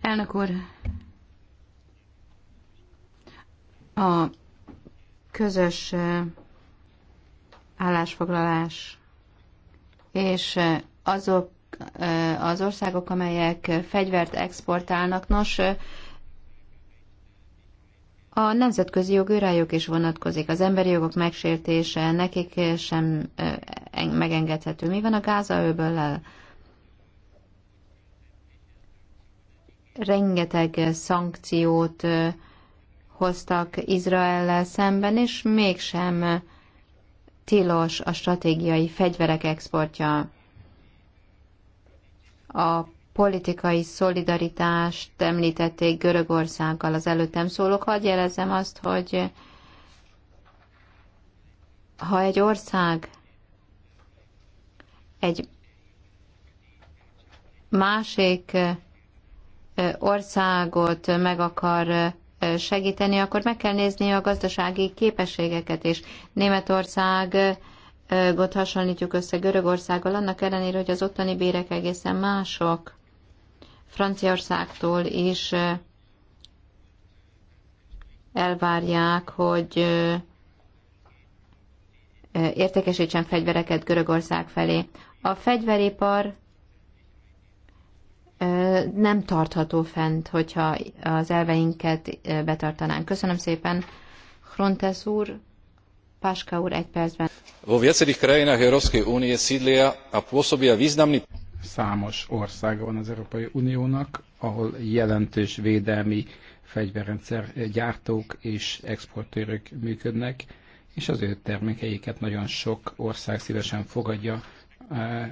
Elnök úr, a
közös állásfoglalás és azok az országok, amelyek fegyvert exportálnak, nos, a nemzetközi jog rájuk is vonatkozik. Az emberi jogok megsértése nekik sem megengedhető. Mi van a gázaöböllel? Rengeteg szankciót hoztak Izrael szemben, és mégsem tilos a stratégiai fegyverek exportja. A politikai szolidaritást említették Görögországgal az előttem szólók. Hadd jelezem azt, hogy ha egy ország egy másik országot meg akar segíteni, akkor meg kell nézni a gazdasági képességeket és Németország ott hasonlítjuk össze Görögországgal, annak ellenére, hogy az ottani bérek egészen mások. Franciaországtól is elvárják, hogy értékesítsen fegyvereket Görögország felé. A fegyveripar nem tartható fent, hogyha az elveinket betartanánk. Köszönöm szépen, Frontes úr, Páska úr, egy percben.
Vo viacerých krajinách Európskej únie sídlia a pôsobia významní
számos ország van az Európai Uniónak, ahol jelentős védelmi fegyverrendszer gyártók és exportőrök működnek, és az ő termékeiket nagyon sok ország szívesen fogadja eh,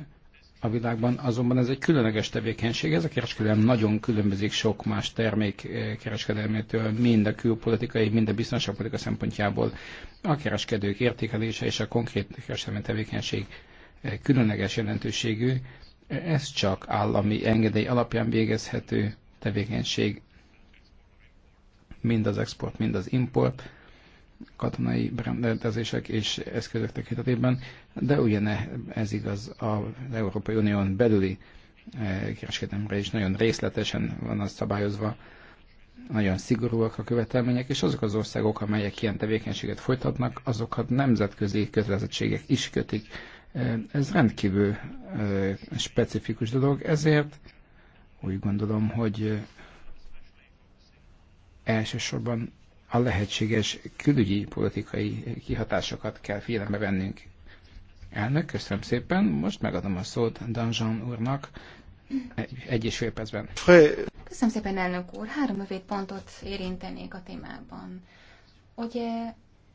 a világban. Azonban ez egy különleges tevékenység, ez a kereskedelem nagyon különbözik sok más termék eh, kereskedelmétől, mind a külpolitikai, mind a biztonságpolitika szempontjából. A kereskedők értékelése és a konkrét kereskedelmi tevékenység eh, különleges jelentőségű, ez csak állami engedély alapján végezhető tevékenység, mind az export, mind az import katonai berendezések és eszközök tekintetében, de ugyane ez igaz az Európai Unión belüli eh, kereskedelemre is nagyon részletesen van az szabályozva, nagyon szigorúak a követelmények, és azok az országok, amelyek ilyen tevékenységet folytatnak, azokat nemzetközi kötelezettségek is kötik ez rendkívül specifikus dolog, ezért úgy gondolom, hogy elsősorban a lehetséges külügyi politikai kihatásokat kell figyelembe vennünk. Elnök, köszönöm szépen. Most megadom a szót Danjan úrnak egy, egy és fél percben.
Köszönöm szépen, elnök úr. Három övét pontot érintenék a témában. Ugye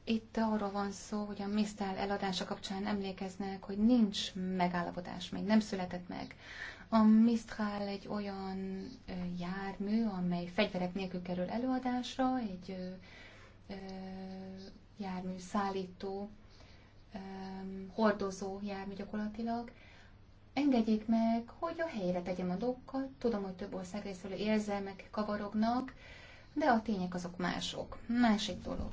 itt arról van szó, hogy a Misztál eladása kapcsán emlékeznek, hogy nincs megállapodás, még nem született meg. A Mistral egy olyan jármű, amely fegyverek nélkül kerül előadásra, egy ö, ö, jármű szállító, ö, hordozó jármű gyakorlatilag. Engedjék meg, hogy a helyre tegyem a dolgokat. Tudom, hogy több ország részéről érzelmek kavarognak, de a tények azok mások. Másik dolog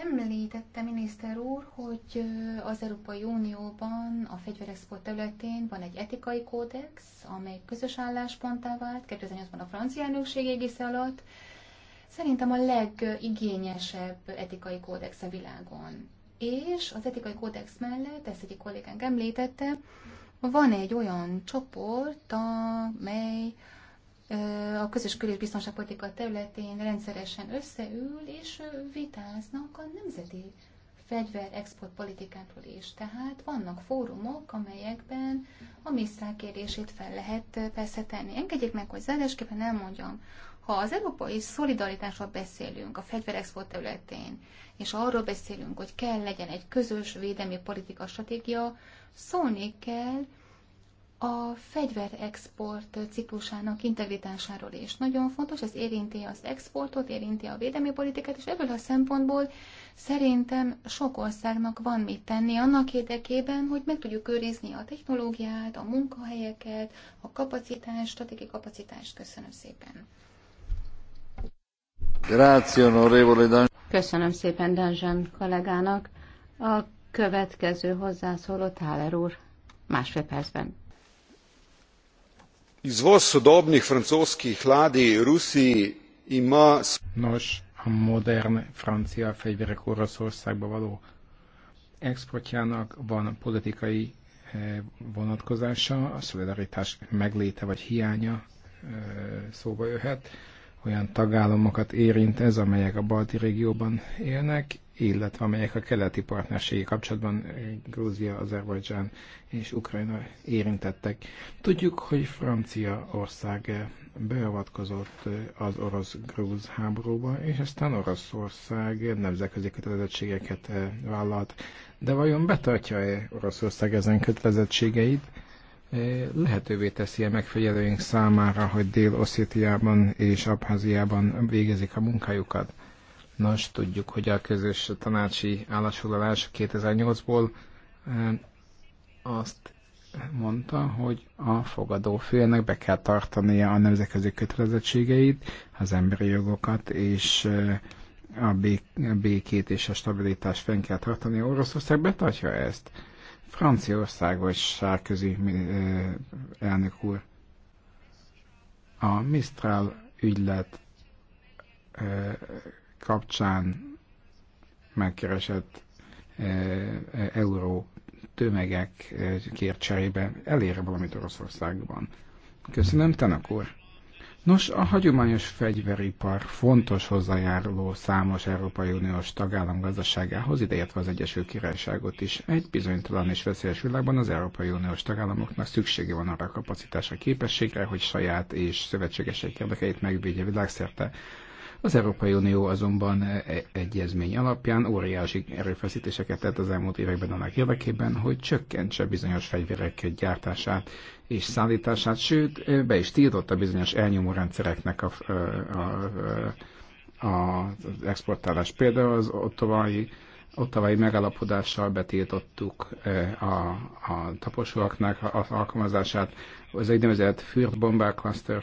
Említette miniszter úr, hogy az Európai Unióban a fegyverexport területén van egy etikai kódex, amely közös állásponttá vált 2008-ban a francia elnökség égisze alatt. Szerintem a legigényesebb etikai kódex a világon. És az etikai kódex mellett, ezt egyik kollégánk említette, van egy olyan csoport, amely a közös kül- és biztonságpolitika területén rendszeresen összeül, és vitáznak a nemzeti fegyver exportpolitikáról is. Tehát vannak fórumok, amelyekben a misztrák kérdését fel lehet persze tenni. Engedjék meg, hogy zárásképpen elmondjam, ha az európai szolidaritásról beszélünk a fegyverexport területén, és arról beszélünk, hogy kell legyen egy közös védelmi politika stratégia, szólni kell a fegyverexport ciklusának integritásáról is. Nagyon fontos, ez érinti az exportot, érinti a védelmi politikát, és ebből a szempontból szerintem sok országnak van mit tenni annak érdekében, hogy meg tudjuk őrizni a technológiát, a munkahelyeket, a kapacitást, stratégiai kapacitást. Köszönöm szépen.
Köszönöm
szépen Danzsán kollégának. A következő hozzászóló Táler úr
másfél percben izvoz sodobnih francoskih ladij rusiji ima. nos a modern francia fegyverek oroszországba való exportjának van politikai eh, vonatkozása, a szolidaritás megléte vagy hiánya eh, szóba jöhet. Olyan tagállamokat érint ez, amelyek a balti régióban élnek, illetve amelyek a keleti partnerségi kapcsolatban eh, Grúzia, Azerbajdzsán és Ukrajna érintettek. Tudjuk, hogy Franciaország eh, beavatkozott eh, az orosz-grúz háborúba, és aztán Oroszország nemzetközi kötelezettségeket vállalt. De vajon betartja-e Oroszország ezen kötelezettségeit? lehetővé teszi a megfigyelőink számára, hogy Dél-Oszétiában és Abháziában végezik a munkájukat. Nos, tudjuk, hogy a közös tanácsi állásfoglalás 2008-ból eh, azt mondta, hogy a fogadó félnek be kell tartania a nemzetközi kötelezettségeit, az emberi jogokat és eh, a békét és a stabilitást fenn kell tartani. Oroszország betartja ezt? Franciaország vagy sárközi eh, elnök úr. A Mistral ügylet kapcsán megkeresett eh, eh, euró tömegek eh, kért cserébe elére valamit Oroszországban. Köszönöm, Tanak úr! Nos, a hagyományos fegyveripar fontos hozzájáruló számos Európai Uniós tagállam gazdaságához, ideértve az Egyesült Királyságot is. Egy bizonytalan és veszélyes világban az Európai Uniós tagállamoknak szüksége van arra a kapacitásra, képességre, hogy saját és szövetségesek érdekeit megvédje világszerte. Az Európai Unió azonban e, egyezmény alapján óriási erőfeszítéseket tett az elmúlt években annak érdekében, hogy csökkentse bizonyos fegyverek gyártását és szállítását, sőt, e, be is tiltotta bizonyos elnyomó rendszereknek a, e, a, a, a az exportálás. Például az ottovai ottavai megállapodással betiltottuk a, a taposóaknak az alkalmazását, az úgynevezett fürdbombák, cluster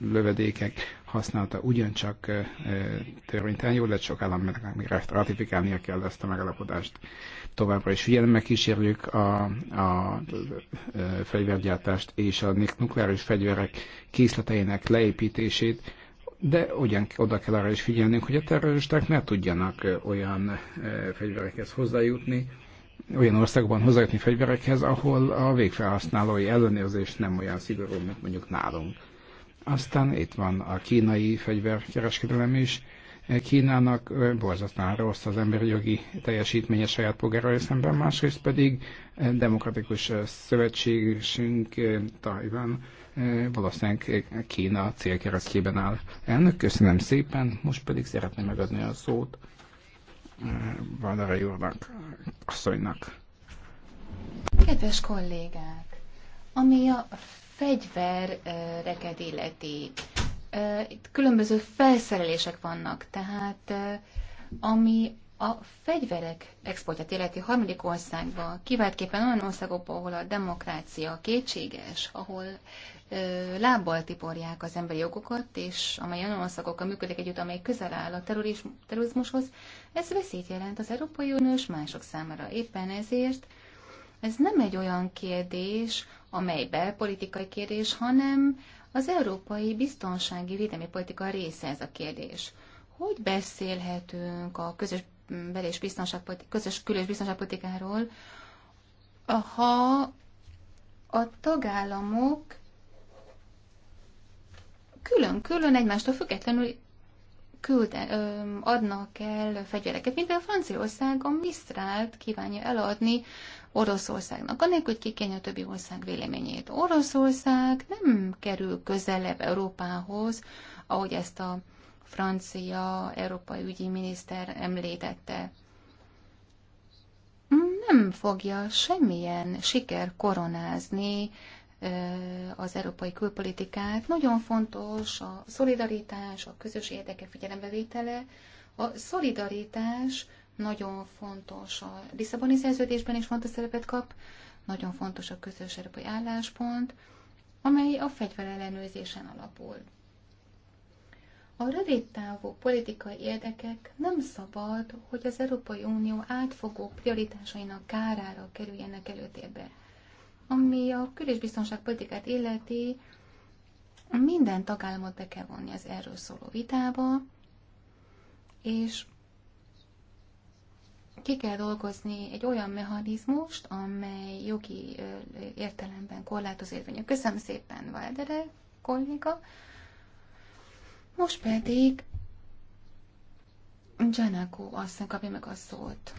lövedékek használata ugyancsak törvénytelen. jól lett sok állam, még ratifikálnia kell ezt a megállapodást. Továbbra is figyelemmel kísérjük a, a fegyvergyártást és a nukleáris fegyverek készleteinek leépítését, de ugyan oda kell arra is figyelnünk, hogy a terroristák ne tudjanak olyan fegyverekhez hozzájutni, olyan országban hozzájutni fegyverekhez, ahol a végfelhasználói ellenőrzés nem olyan szigorú, mint mondjuk nálunk. Aztán itt van a kínai fegyverkereskedelem is. Kínának borzasztóan rossz az emberi jogi teljesítménye saját polgárai szemben, másrészt pedig demokratikus szövetségünk Tajvan valószínűleg Kína célkeresztjében áll. Elnök, köszönöm szépen, most pedig szeretném megadni a szót Valerai úrnak asszonynak.
Kedves kollégák, ami a fegyvereket illeti, itt különböző felszerelések vannak, tehát ami a fegyverek exportját illeti harmadik országba, kiváltképpen olyan országokba, ahol a demokrácia kétséges, ahol ö, lábbal tiporják az emberi jogokat, és amely olyan országokkal működik együtt, amely közel áll a terrorizmushoz, ez veszélyt jelent az Európai Uniós mások számára. Éppen ezért ez nem egy olyan kérdés, amely belpolitikai kérdés, hanem az európai biztonsági védelmi politika része ez a kérdés. Hogy beszélhetünk a közös bel- és biztonságpolitik, közös kül- és biztonságpolitikáról, ha a tagállamok külön-külön egymástól függetlenül külde, ö, adnak el fegyvereket, mint a Franciaország a Misztrált kívánja eladni Oroszországnak, anélkül, hogy kikénye a többi ország véleményét. Oroszország nem kerül közelebb Európához, ahogy ezt a francia európai ügyi miniszter említette. Nem fogja semmilyen siker koronázni az európai külpolitikát. Nagyon fontos a szolidaritás, a közös érdekek figyelembevétele. A szolidaritás nagyon fontos a Lisszaboni szerződésben is fontos szerepet kap, nagyon fontos a közös európai álláspont, amely a fegyverellenőrzésen alapul. A rövid távú politikai érdekek nem szabad, hogy az Európai Unió átfogó prioritásainak kárára kerüljenek előtérbe. Ami a kül- és biztonságpolitikát illeti, minden tagállamot be kell vonni az erről szóló vitába, és ki kell dolgozni egy olyan mechanizmust, amely jogi értelemben korlátoz érvényű. Köszönöm szépen, Valdere kolléga! Most pedig Janakó asszony kapja meg a szót.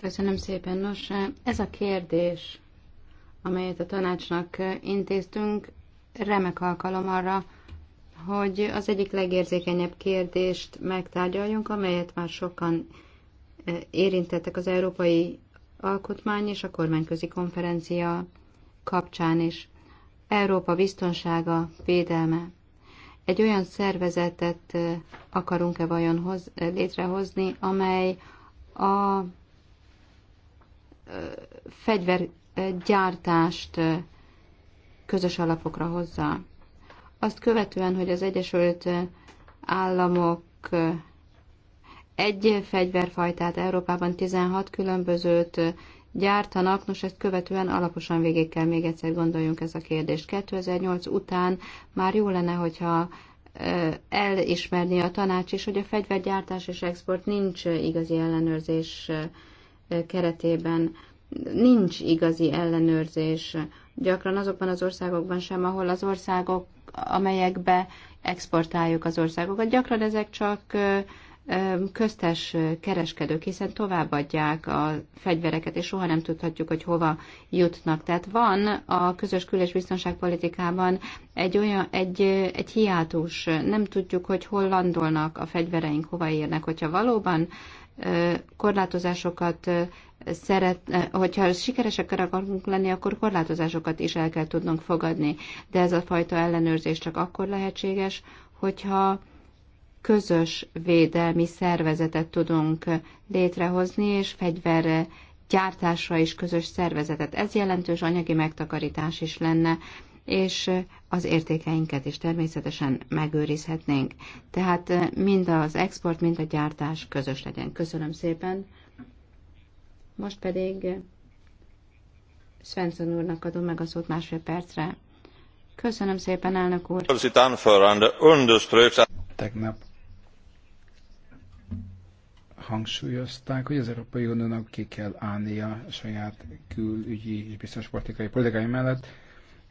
Köszönöm szépen. Nos, ez a kérdés, amelyet a tanácsnak intéztünk, remek alkalom arra, hogy az egyik legérzékenyebb kérdést megtárgyaljunk, amelyet már sokan eh, érintettek az Európai Alkotmány és a Kormányközi Konferencia kapcsán is. Európa biztonsága, védelme egy olyan szervezetet akarunk-e vajon hoz, létrehozni, amely a fegyvergyártást közös alapokra hozza. Azt követően, hogy az Egyesült Államok egy fegyverfajtát Európában 16 különbözőt gyártanak, nos ezt követően alaposan végig kell még egyszer gondoljunk ez a kérdést. 2008 után már jó lenne, hogyha elismerni a tanács is, hogy a fegyvergyártás és export nincs igazi ellenőrzés keretében, nincs igazi ellenőrzés gyakran azokban az országokban sem, ahol az országok, amelyekbe exportáljuk az országokat, gyakran ezek csak köztes kereskedők, hiszen továbbadják a fegyvereket, és soha nem tudhatjuk, hogy hova jutnak. Tehát van a közös kül- és biztonságpolitikában egy, olyan, egy, egy hiátus, nem tudjuk, hogy hol landolnak a fegyvereink, hova érnek. Hogyha valóban korlátozásokat szeret, hogyha sikeresek akarunk lenni, akkor korlátozásokat is el kell tudnunk fogadni. De ez a fajta ellenőrzés csak akkor lehetséges, hogyha közös védelmi szervezetet tudunk létrehozni, és fegyver gyártásra is közös szervezetet. Ez jelentős anyagi megtakarítás is lenne, és az értékeinket is természetesen megőrizhetnénk. Tehát mind az export, mind a gyártás közös legyen. Köszönöm szépen. Most pedig Svensson úrnak adom meg a szót másfél percre. Köszönöm szépen, elnök úr.
Tegnap hangsúlyozták, hogy az Európai Uniónak ki kell állnia a saját külügyi és politikai politikai mellett,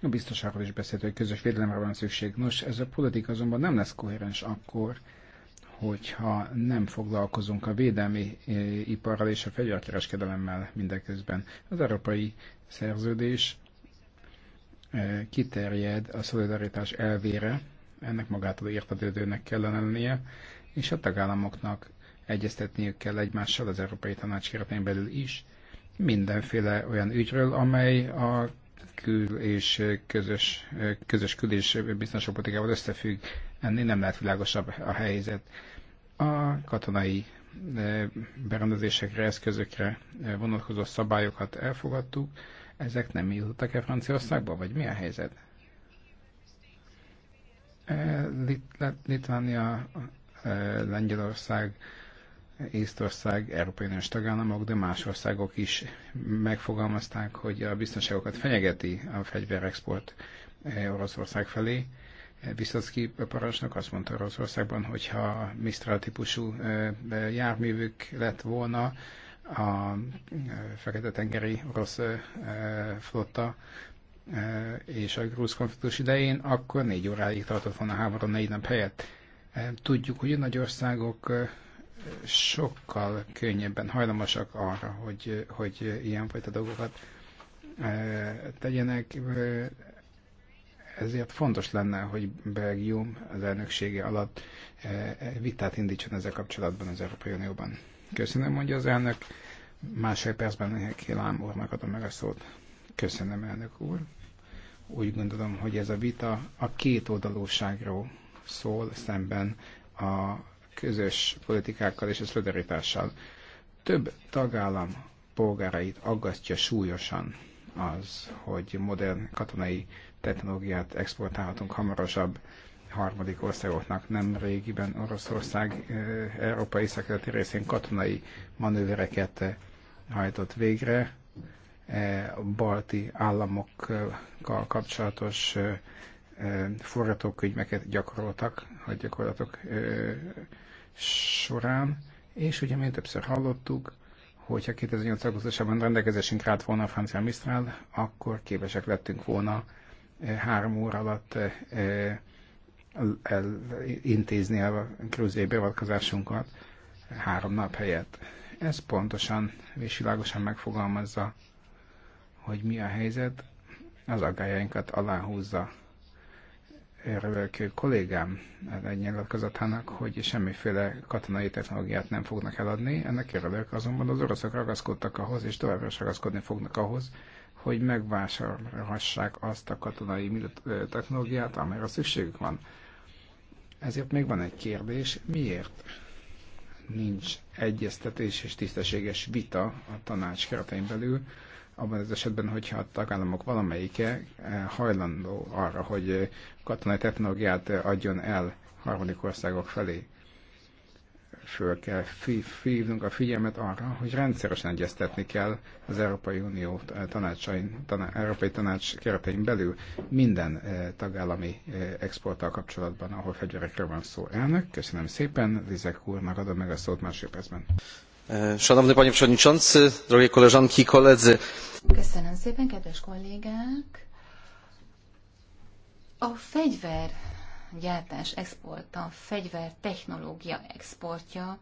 a biztonságról is beszélt, hogy közös védelemre van szükség. Nos, ez a politika azonban nem lesz koherens akkor, hogyha nem foglalkozunk a védelmi e, iparral és a fegyverkereskedelemmel mindeközben. Az európai szerződés e, kiterjed a szolidaritás elvére, ennek magától értetődőnek kellene lennie, és a tagállamoknak egyeztetniük kell egymással az Európai Tanács keretén belül is mindenféle olyan ügyről, amely a kül és közös, közös kül és biztonságpolitikával összefügg. Ennél nem lehet világosabb a helyzet. A katonai e, berendezésekre, eszközökre e, vonatkozó szabályokat elfogadtuk, ezek nem jutottak e Franciaországba, vagy mi a helyzet? E, Litvánia, Lengyelország, Észtország, Európai Uniós tagállamok, de más országok is megfogalmazták, hogy a biztonságokat fenyegeti a fegyverexport eh, Oroszország felé. Eh, Viszocki parancsnok azt mondta Oroszországban, hogy ha Mistral típusú eh, járművük lett volna, a Fekete-tengeri orosz flotta és a grúz konfliktus idején, akkor négy óráig tartott volna a háború négy nap helyett. Tudjuk, hogy nagy országok sokkal könnyebben hajlamosak arra, hogy, hogy ilyenfajta dolgokat eh, tegyenek. Ezért fontos lenne, hogy Belgium az elnöksége alatt eh, vitát indítson ezzel kapcsolatban az Európai Unióban. Köszönöm, mondja az elnök. Másfél percben Kilám úrnak adom meg a szót. Köszönöm, elnök úr. Úgy gondolom, hogy ez a vita a két oldalúságról szól szemben a közös politikákkal és a szolidaritással. Több tagállam polgárait aggasztja súlyosan az, hogy modern katonai technológiát exportálhatunk hamarosabb harmadik országoknak. Nem régiben Oroszország európai szakadati részén katonai manővereket hajtott végre, a balti államokkal kapcsolatos forgatókönyveket gyakoroltak, hogy gyakorlatok során, és ugye mi többször hallottuk, hogyha 2008. augusztusában rendelkezésünk állt volna a francia Mistral, akkor képesek lettünk volna eh, három óra alatt eh, eh, intézni a kruzé bevatkozásunkat három nap helyett. Ez pontosan és világosan megfogalmazza, hogy mi a helyzet, az aggájainkat aláhúzza érvelkő kollégám egy nyilatkozatának, hogy semmiféle katonai technológiát nem fognak eladni. Ennek érvelők azonban az oroszok ragaszkodtak ahhoz, és továbbra is ragaszkodni fognak ahhoz, hogy megvásárolhassák azt a katonai technológiát, amelyre szükségük van. Ezért még van egy kérdés, miért nincs egyeztetés és tisztességes vita a tanács keretein belül, abban az esetben, hogyha a tagállamok valamelyike eh, hajlandó arra, hogy eh, katonai technológiát eh, adjon el harmadik országok felé. Föl kell fívnunk a figyelmet arra, hogy rendszeresen egyeztetni kell az Európai Unió tanácsain, taná, Európai Tanács keretein belül minden tagállami exporttal kapcsolatban, ahol fegyverekre van szó. Elnök, köszönöm szépen, Lizek úrnak adom meg a szót percben. E, szanowny panie przewodniczący, drogie koleżanki i koledzy.
Köszönöm szépen, kedves kollégák. A fegyvergyártás gyártás a fegyver technológia exportja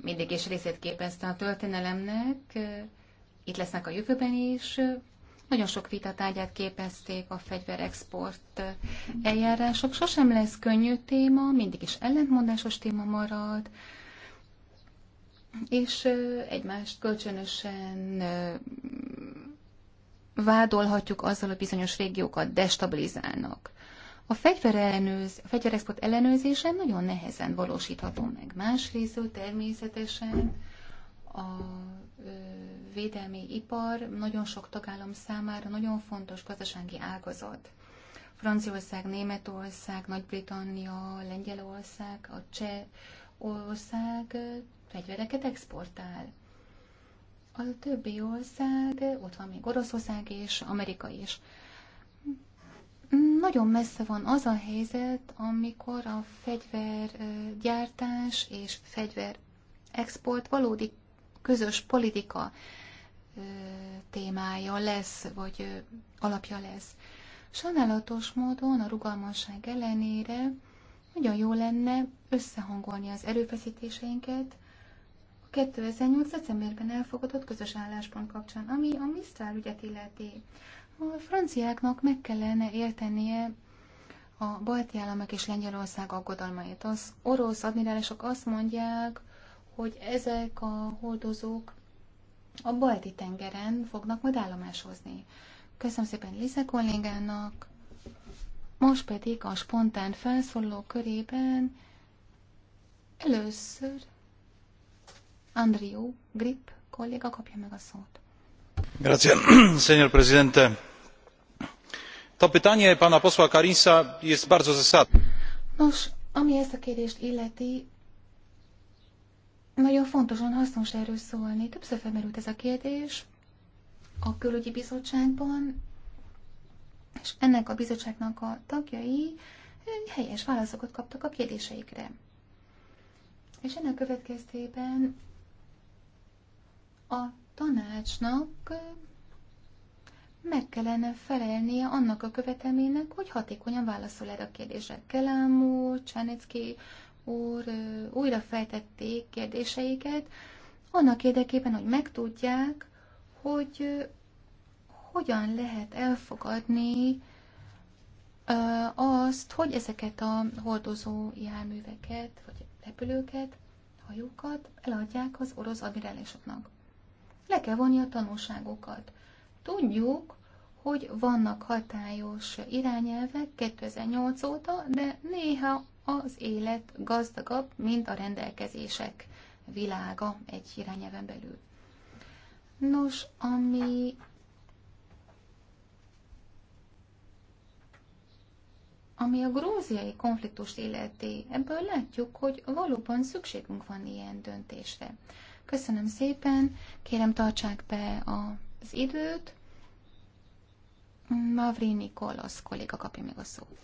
mindig is részét képezte a történelemnek, e, itt lesznek a jövőben is. Nagyon sok vitatárgyát képezték a fegyverexport eljárások. Sosem lesz könnyű téma, mindig is ellentmondásos téma marad és egymást kölcsönösen vádolhatjuk azzal, hogy bizonyos régiókat destabilizálnak. A fegyver ellenőz, a fegyverexport ellenőrzése nagyon nehezen valósítható meg. Másrészt természetesen a védelmi ipar nagyon sok tagállam számára nagyon fontos gazdasági ágazat. Franciaország, Németország, Nagy-Britannia, Lengyelország, a Cseh ország fegyvereket exportál. A többi ország, ott van még Oroszország és Amerika is. Nagyon messze van az a helyzet, amikor a fegyvergyártás és fegyver export valódi közös politika témája lesz, vagy alapja lesz. Sajnálatos módon a rugalmasság ellenére nagyon jó lenne összehangolni az erőfeszítéseinket, 2008. decemberben elfogadott közös álláspont kapcsán, ami a Mistral ügyet illeti. A franciáknak meg kellene értenie a balti államok és Lengyelország aggodalmait. Az orosz admirálisok azt mondják, hogy ezek a hordozók a balti tengeren fognak majd állomáshozni. Köszönöm szépen Lise kollégának, most pedig a spontán felszóló körében először Andrió Grip kolléga kapja meg a szót.
Grazie, signor Presidente. To pytanie pana posła Karinsa jest bardzo zasadne.
Nos, ami ezt a kérdést illeti, nagyon fontosan hasznos erről szólni. Többször felmerült ez a kérdés a külügyi bizottságban, és ennek a bizottságnak a tagjai helyes válaszokat kaptak a kérdéseikre. És ennek következtében a tanácsnak meg kellene felelnie annak a követelménynek, hogy hatékonyan válaszol erre a kérdésre. Kelem úr, Csánecki úr újra feltették kérdéseiket, annak érdekében, hogy megtudják, hogy hogyan lehet elfogadni azt, hogy ezeket a hordozó járműveket, vagy repülőket, hajókat eladják az orosz admirálisoknak le kell vonni a tanulságokat. Tudjuk, hogy vannak hatályos irányelvek 2008 óta, de néha az élet gazdagabb, mint a rendelkezések világa egy irányelven belül. Nos, ami ami a gróziai konfliktust illeti, ebből látjuk, hogy valóban szükségünk van ilyen döntésre. Köszönöm szépen, kérem tartsák be az időt. Mavri Nikolos kolléga kapja meg a szót.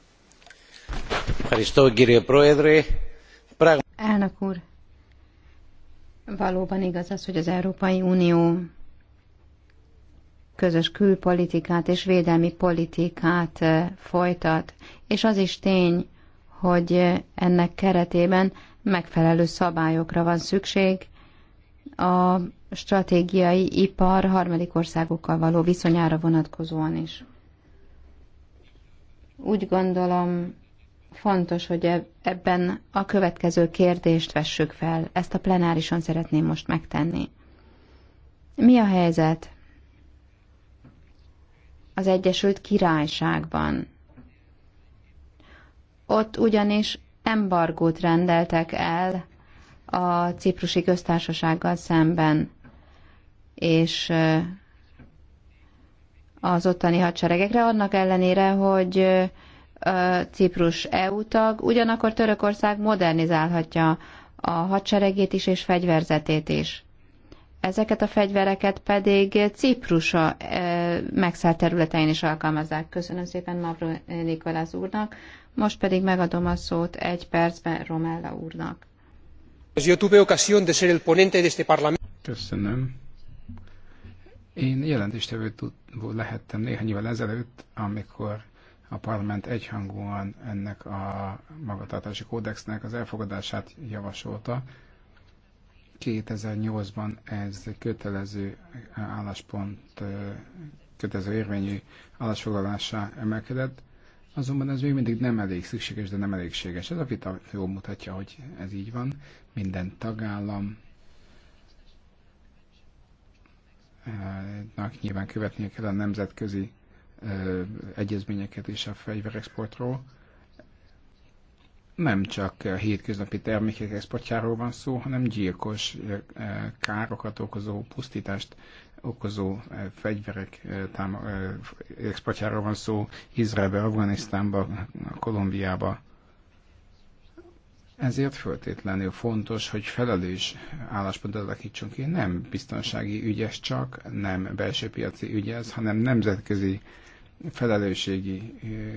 Elnök úr,
valóban igaz az, hogy az Európai Unió közös külpolitikát és védelmi politikát eh, folytat, és az is tény, hogy ennek keretében megfelelő szabályokra van szükség, a stratégiai ipar harmadik országokkal való viszonyára vonatkozóan is. Úgy gondolom, fontos, hogy e- ebben a következő kérdést vessük fel. Ezt a plenárison szeretném most megtenni. Mi a helyzet az Egyesült Királyságban? Ott ugyanis embargót rendeltek el a ciprusi köztársasággal szemben, és az ottani hadseregekre, annak ellenére, hogy Ciprus EU tag, ugyanakkor Törökország modernizálhatja a hadseregét is és fegyverzetét is. Ezeket a fegyvereket pedig Ciprus a e, megszállt területein is alkalmazzák. Köszönöm szépen Mavro Nikolász úrnak, most pedig megadom a szót egy percben Romella úrnak.
Köszönöm. Én jelentéstevő lehettem néhány évvel ezelőtt, amikor a parlament egyhangúan ennek a magatartási kódexnek az elfogadását javasolta. 2008-ban ez kötelező álláspont, kötelező érvényű állásfoglalásá emelkedett, azonban ez még mindig nem elég szükséges, de nem elégséges. Ez a vita jól mutatja, hogy ez így van minden tagállam eh, nak nyilván követnie kell a nemzetközi eh, egyezményeket is a fegyverexportról. Nem csak hétköznapi termékek exportjáról van szó, hanem gyilkos, eh, károkat okozó, pusztítást okozó fegyverek exportjáról van szó Izraelbe, Afganisztánba, Kolumbiába. Ezért föltétlenül fontos, hogy felelős álláspontot alakítsunk ki. Nem biztonsági ügyes csak, nem belső piaci ügyes, hanem nemzetközi felelősségi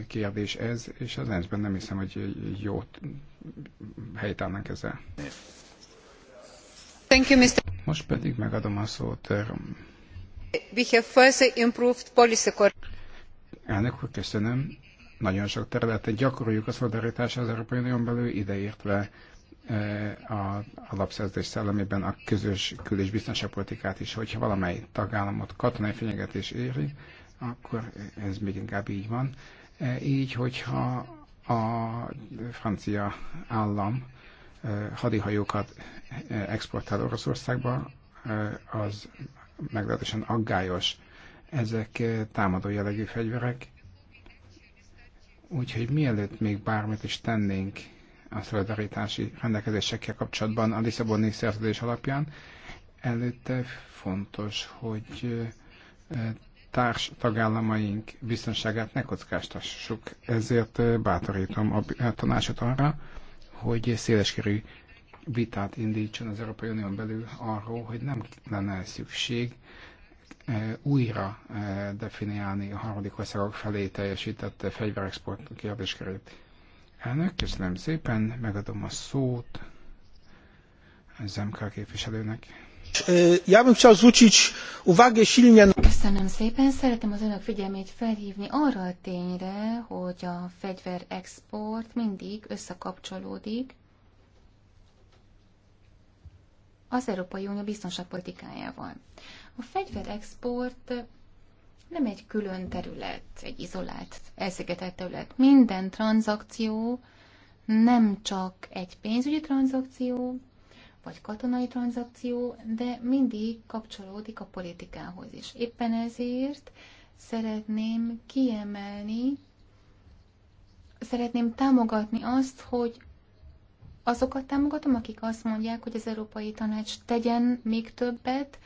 kérdés ez, és az ensz nem hiszem, hogy jó helyt állnak ezzel. Thank you, Mr. Most pedig megadom a szót.
We have further improved policy.
Elnök úr, köszönöm nagyon sok területen gyakoroljuk a szolidaritást az Európai Unión belül, ideértve eh, a alapszerzés szellemében a közös kül- és biztonságpolitikát is, hogyha valamely tagállamot katonai fenyegetés éri, akkor ez még inkább így van. Eh, így, hogyha a francia állam eh, hadihajókat exportál Oroszországba, az meglehetősen aggályos. Ezek támadó jellegű fegyverek, Úgyhogy mielőtt még bármit is tennénk a szolidaritási rendelkezésekkel kapcsolatban a Lisszaboni szerződés alapján, előtte fontos, hogy társ tagállamaink biztonságát ne kockáztassuk. Ezért bátorítom a tanácsot arra, hogy széleskörű vitát indítson az Európai Unión belül arról, hogy nem lenne szükség újra definiálni a harmadik országok felé teljesített fegyverexport kérdéskörét. Elnök, köszönöm szépen, megadom a szót az MK képviselőnek. Ja
Köszönöm szépen, szeretem az önök figyelmét felhívni arra a tényre, hogy a fegyverexport mindig összekapcsolódik az Európai Unió biztonságpolitikájával. A fegyverexport nem egy külön terület, egy izolált, elszigetelt terület. Minden tranzakció nem csak egy pénzügyi tranzakció, vagy katonai tranzakció, de mindig kapcsolódik a politikához is. Éppen ezért szeretném kiemelni, szeretném támogatni azt, hogy azokat támogatom, akik azt mondják, hogy az Európai Tanács tegyen még többet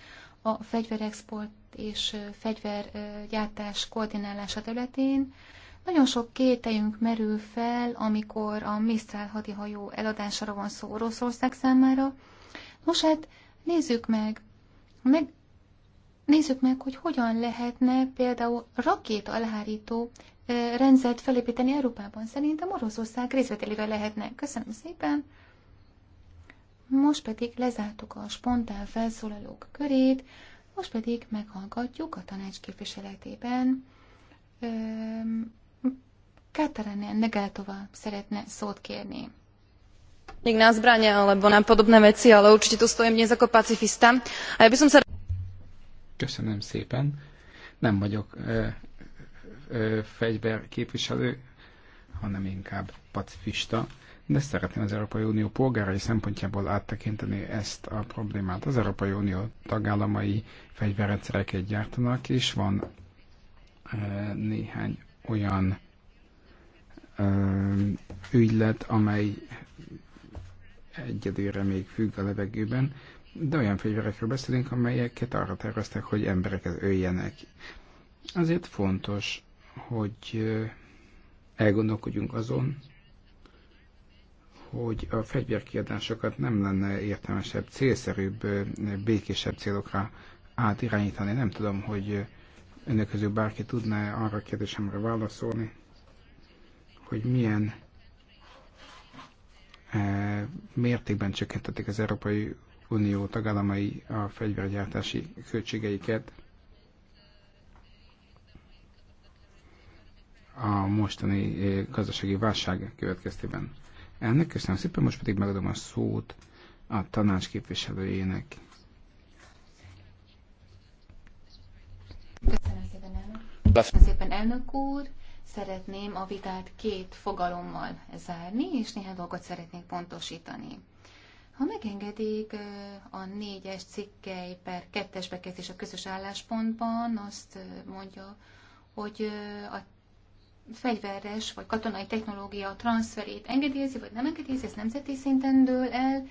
a fegyverexport és fegyvergyártás koordinálása területén. Nagyon sok kételjünk merül fel, amikor a Mistral hadihajó eladására van szó Oroszország számára. Nos hát, nézzük meg, meg nézzük meg, hogy hogyan lehetne például rakéta alhárító rendszert felépíteni Európában. Szerintem Oroszország részvételével lehetne. Köszönöm szépen! Most pedig lezártuk a spontán felszólalók körét, most pedig meghallgatjuk a tanács képviseletében. Katarina Negátova szeretne szót kérni. Nik na zbranie alebo na podobné veci, ale určite tu stojím dnes ako pacifista. A ja by som sa...
Köszönöm szépen. Nem vagyok ö, ö, fegyver képviselő, hanem inkább pacifista de szeretném az Európai Unió polgárai szempontjából áttekinteni ezt a problémát. Az Európai Unió tagállamai fegyverrendszereket gyártanak, és van néhány olyan ügylet, amely egyedülre még függ a levegőben, de olyan fegyverekről beszélünk, amelyeket arra terveztek, hogy embereket öljenek. Azért fontos, hogy elgondolkodjunk azon, hogy a fegyverkiadásokat nem lenne értelmesebb, célszerűbb, békésebb célokra átirányítani. Nem tudom, hogy önök közül bárki tudná arra a kérdésemre válaszolni, hogy milyen eh, mértékben csökkentették az Európai Unió tagállamai a fegyvergyártási költségeiket a mostani eh, gazdasági válság következtében. Elnök, köszönöm szépen, most pedig megadom a szót a tanács képviselőjének.
Köszönöm szépen, elnök. Köszönöm szépen, elnök úr. Szeretném a vitát két fogalommal zárni, és néhány dolgot szeretnék pontosítani. Ha megengedik, a négyes cikkely per kettes bekezdés a közös álláspontban azt mondja, hogy a fegyveres vagy katonai technológia transferét engedélyezi, vagy nem engedélyezi, ez nemzeti szinten dől el.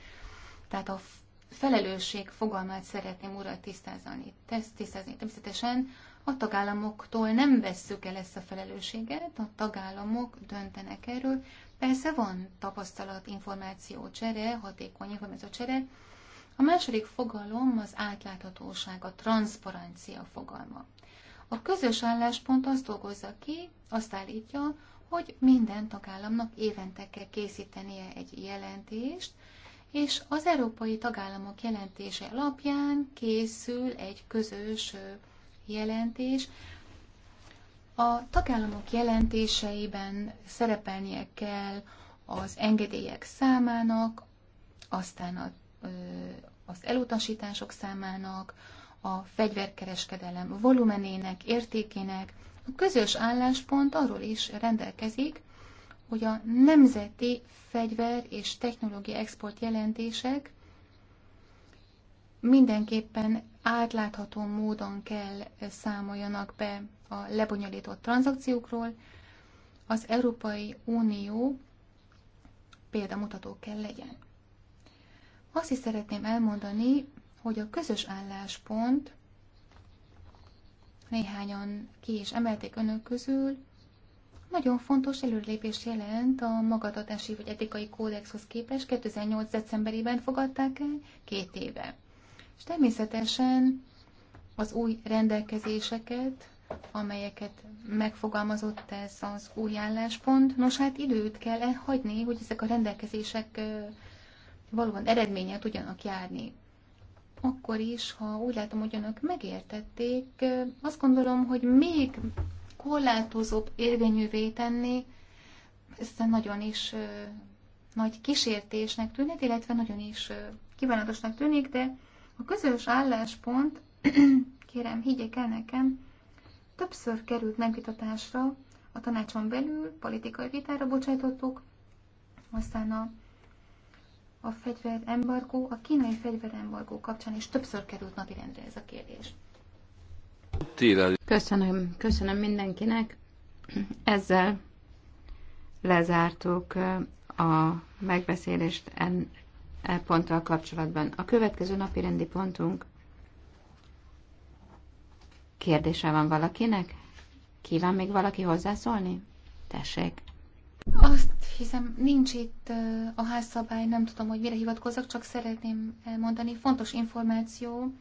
Tehát a felelősség fogalmát szeretném újra tisztázni. tisztázni. Természetesen a tagállamoktól nem vesszük el ezt a felelősséget, a tagállamok döntenek erről. Persze van tapasztalat, információ csere, hatékony információ csere. A második fogalom az átláthatóság, a transzparencia fogalma. A közös álláspont azt dolgozza ki, azt állítja, hogy minden tagállamnak évente kell készítenie egy jelentést, és az európai tagállamok jelentése alapján készül egy közös jelentés. A tagállamok jelentéseiben szerepelnie kell az engedélyek számának, aztán a, az elutasítások számának, a fegyverkereskedelem volumenének, értékének. A közös álláspont arról is rendelkezik, hogy a nemzeti fegyver és technológia export jelentések mindenképpen átlátható módon kell számoljanak be a lebonyolított tranzakciókról. Az Európai Unió példamutató kell legyen. Azt is szeretném elmondani, hogy a közös álláspont néhányan ki is emelték önök közül, nagyon fontos előrelépés jelent a magadatási vagy etikai kódexhoz képest 2008. decemberében fogadták el, két éve. És természetesen az új rendelkezéseket, amelyeket megfogalmazott ez az új álláspont, nos hát időt kell hagyni, hogy ezek a rendelkezések valóban eredménye tudjanak járni akkor is, ha úgy látom, hogy önök megértették, azt gondolom, hogy még korlátozóbb érvényűvé tenni, ez nagyon is nagy kísértésnek tűnik, illetve nagyon is kívánatosnak tűnik, de a közös álláspont, kérem, higgyék el nekem, többször került megvitatásra, a tanácson belül politikai vitára bocsájtottuk, aztán a a fegyverembargó, a kínai fegyverembargó kapcsán is többször került napirendre ez a kérdés.
Köszönöm, köszönöm mindenkinek. Ezzel lezártuk a megbeszélést en, e ponttal kapcsolatban. A következő napirendi pontunk. Kérdése van valakinek? Kíván még valaki hozzászólni? Tessék.
Azt hiszem, nincs itt a házszabály, nem tudom, hogy mire hivatkozok, csak szeretném elmondani. Fontos információ,